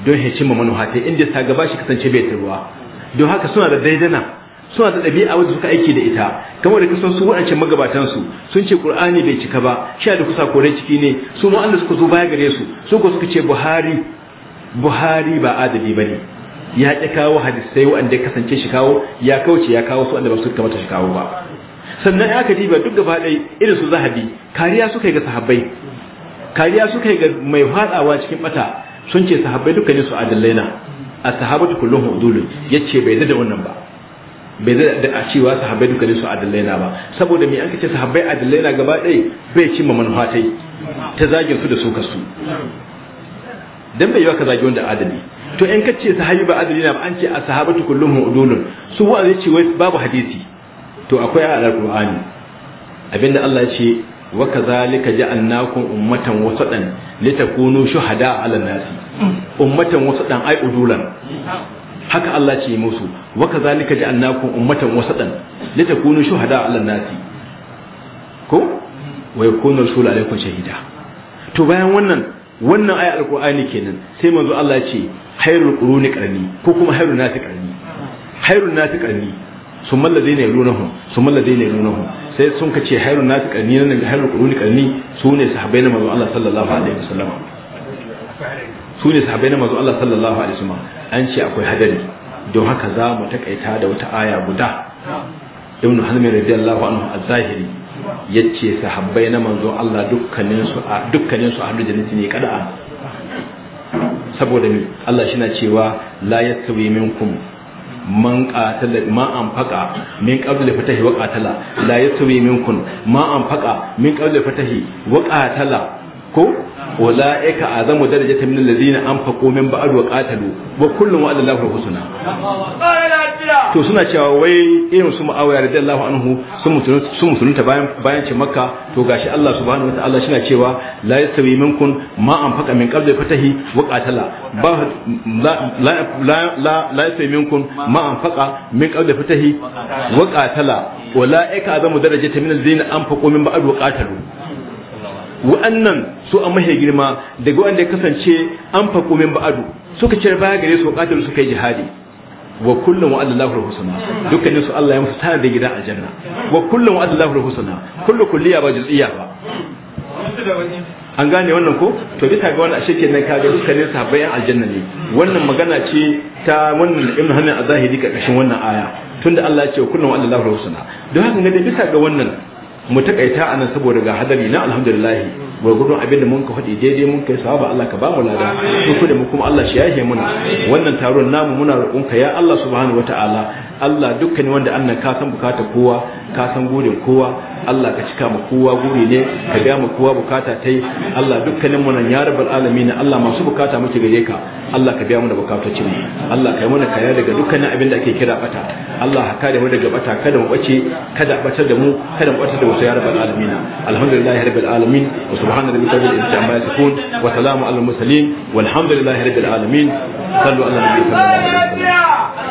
don hicimma manuhatai inda ta gaba shi kasance bai ruwa don haka suna da daidana suna da ɗabi'a wadda suka aiki da ita kamar da kasan su waɗancan magabatan su sun ce qur'ani bai cika ba sha da kusa kore ciki ne su ma Allah suka zo baya gare su su ko suka ce buhari buhari ba adabi bane ya ki kawo hadisai waɗanda ya kasance shi kawo ya kauce ya kawo su wanda ba su kamata shi kawo ba sannan ya aka diba duk gaba ɗaya irin su zahabi kariya suka yi ga sahabbai kariya suka yi ga mai fadawa cikin bata sun ce sahabbai dukkanin su adallai na a sahabatu kullum hudulun yace bai da wannan ba bai da a cewa sahabbai ne su adalai na ba saboda me aka ce sahabbai adalai na gaba ɗaya bai cimma manufatai ta zagin su da su kasu dan bai yiwa ka zagi wanda adali to in ka ce sahabi ba adali na ba an ce a sahabatu kullum udulun su wa zai ce wai babu hadisi to akwai a alqur'ani abinda Allah ya ce wa kazalika ja'alnakum ummatan wasatan litakunu shuhada 'ala nasi ummatan wasatan ay udulan haka Allah ce musu wa kazalika ja'alnakum ummatan wasatan litakunu shuhada 'alan nasi ko wa yakunu rasul alaikum shahida to bayan wannan wannan ayat alqur'ani kenan sai manzo Allah ya ce khairul quruni qarni ko kuma khairun nasi qarni khairun nasi qarni summa alladhina yalunahum summa alladhina yalunahum sai sun kace khairun nasi qarni nan khairul quruni qarni sune sahabbai na manzo Allah sallallahu alaihi wasallam sune sahabbai na manzo Allah sallallahu alaihi wasallam an ce akwai hadari don haka za mu takaita da wata aya guda ibn halmi radiyallahu anhu az-zahiri yace sahabbai na manzo Allah dukkanin su a dukkanin su a jannati ne kada saboda ni Allah shi na cewa la yastawi minkum man qatala ma anfaqa min qabl fatahi wa qatala la yastawi minkum ma anfaqa min qabl fatahi wa qatala ko ulaika azamu darajata min alladhina anfaqu min ba'd wa qatalu wa kullun wa'ada Allahu husna to suna cewa wai irin su Muawiya radiyallahu anhu sun mutun sun mutunta bayan bayan ce Makka to gashi Allah subhanahu wa ta'ala shina cewa la yastawi minkum ma anfaqa min qabli fatahi wa qatala ba la la la la yastawi minkum ma anfaqa min qabli fatahi wa qatala ulaika azamu darajata min alladhina anfaqu min ba'd wa qatalu wa'annan su a mahi girma daga wanda ya kasance an faƙo min ba'adu suka cire baya gare su buƙatar suka yi jihadi wa kullum wa Allahu al-husna dukkanin su Allah ya musu tare da gida aljanna wa kullum wa Allahu al-husna kullu kulliya ba juz'iyya ba an gane wannan ko to bisa ga wannan ashe kenan kaga dukkanin sahabbai aljanna ne wannan magana ce ta wannan ibn hanan azahiri kashin wannan aya tunda Allah ya ce kullum wa Allahu al-husna don haka ne bisa ga wannan mu takaita anan saboda ga hadari na alhamdulillah gurgurdun abin da mun ka faɗi daidai mun kai sahaba Allah ka bamu lada ku da mu kuma Allah shi yahe muna wannan taron namu muna roƙon ya Allah subhanahu wataala Allah dukkan wanda annaka san bukata kowa ka san gudun kowa Allah ka cika mu kowa guri ne ka biya mu kowa bukata tai Allah dukkanin mu nan ya rabbal alamin Allah masu bukata muke gare ka Allah ka biya mu da bukatocin mu Allah ka yi mana kaya daga dukkanin abin da ake kira bata Allah ka kare mu daga bata kada mu bace kada batar da mu kada mu batar da wasu ya rabbal alamin alhamdulillah rabbil alamin wa subhanallahi rabbika rabbil izzati amma yasifun wa salamu alal mursalin walhamdulillahi rabbil alamin sallu ala nabiyyina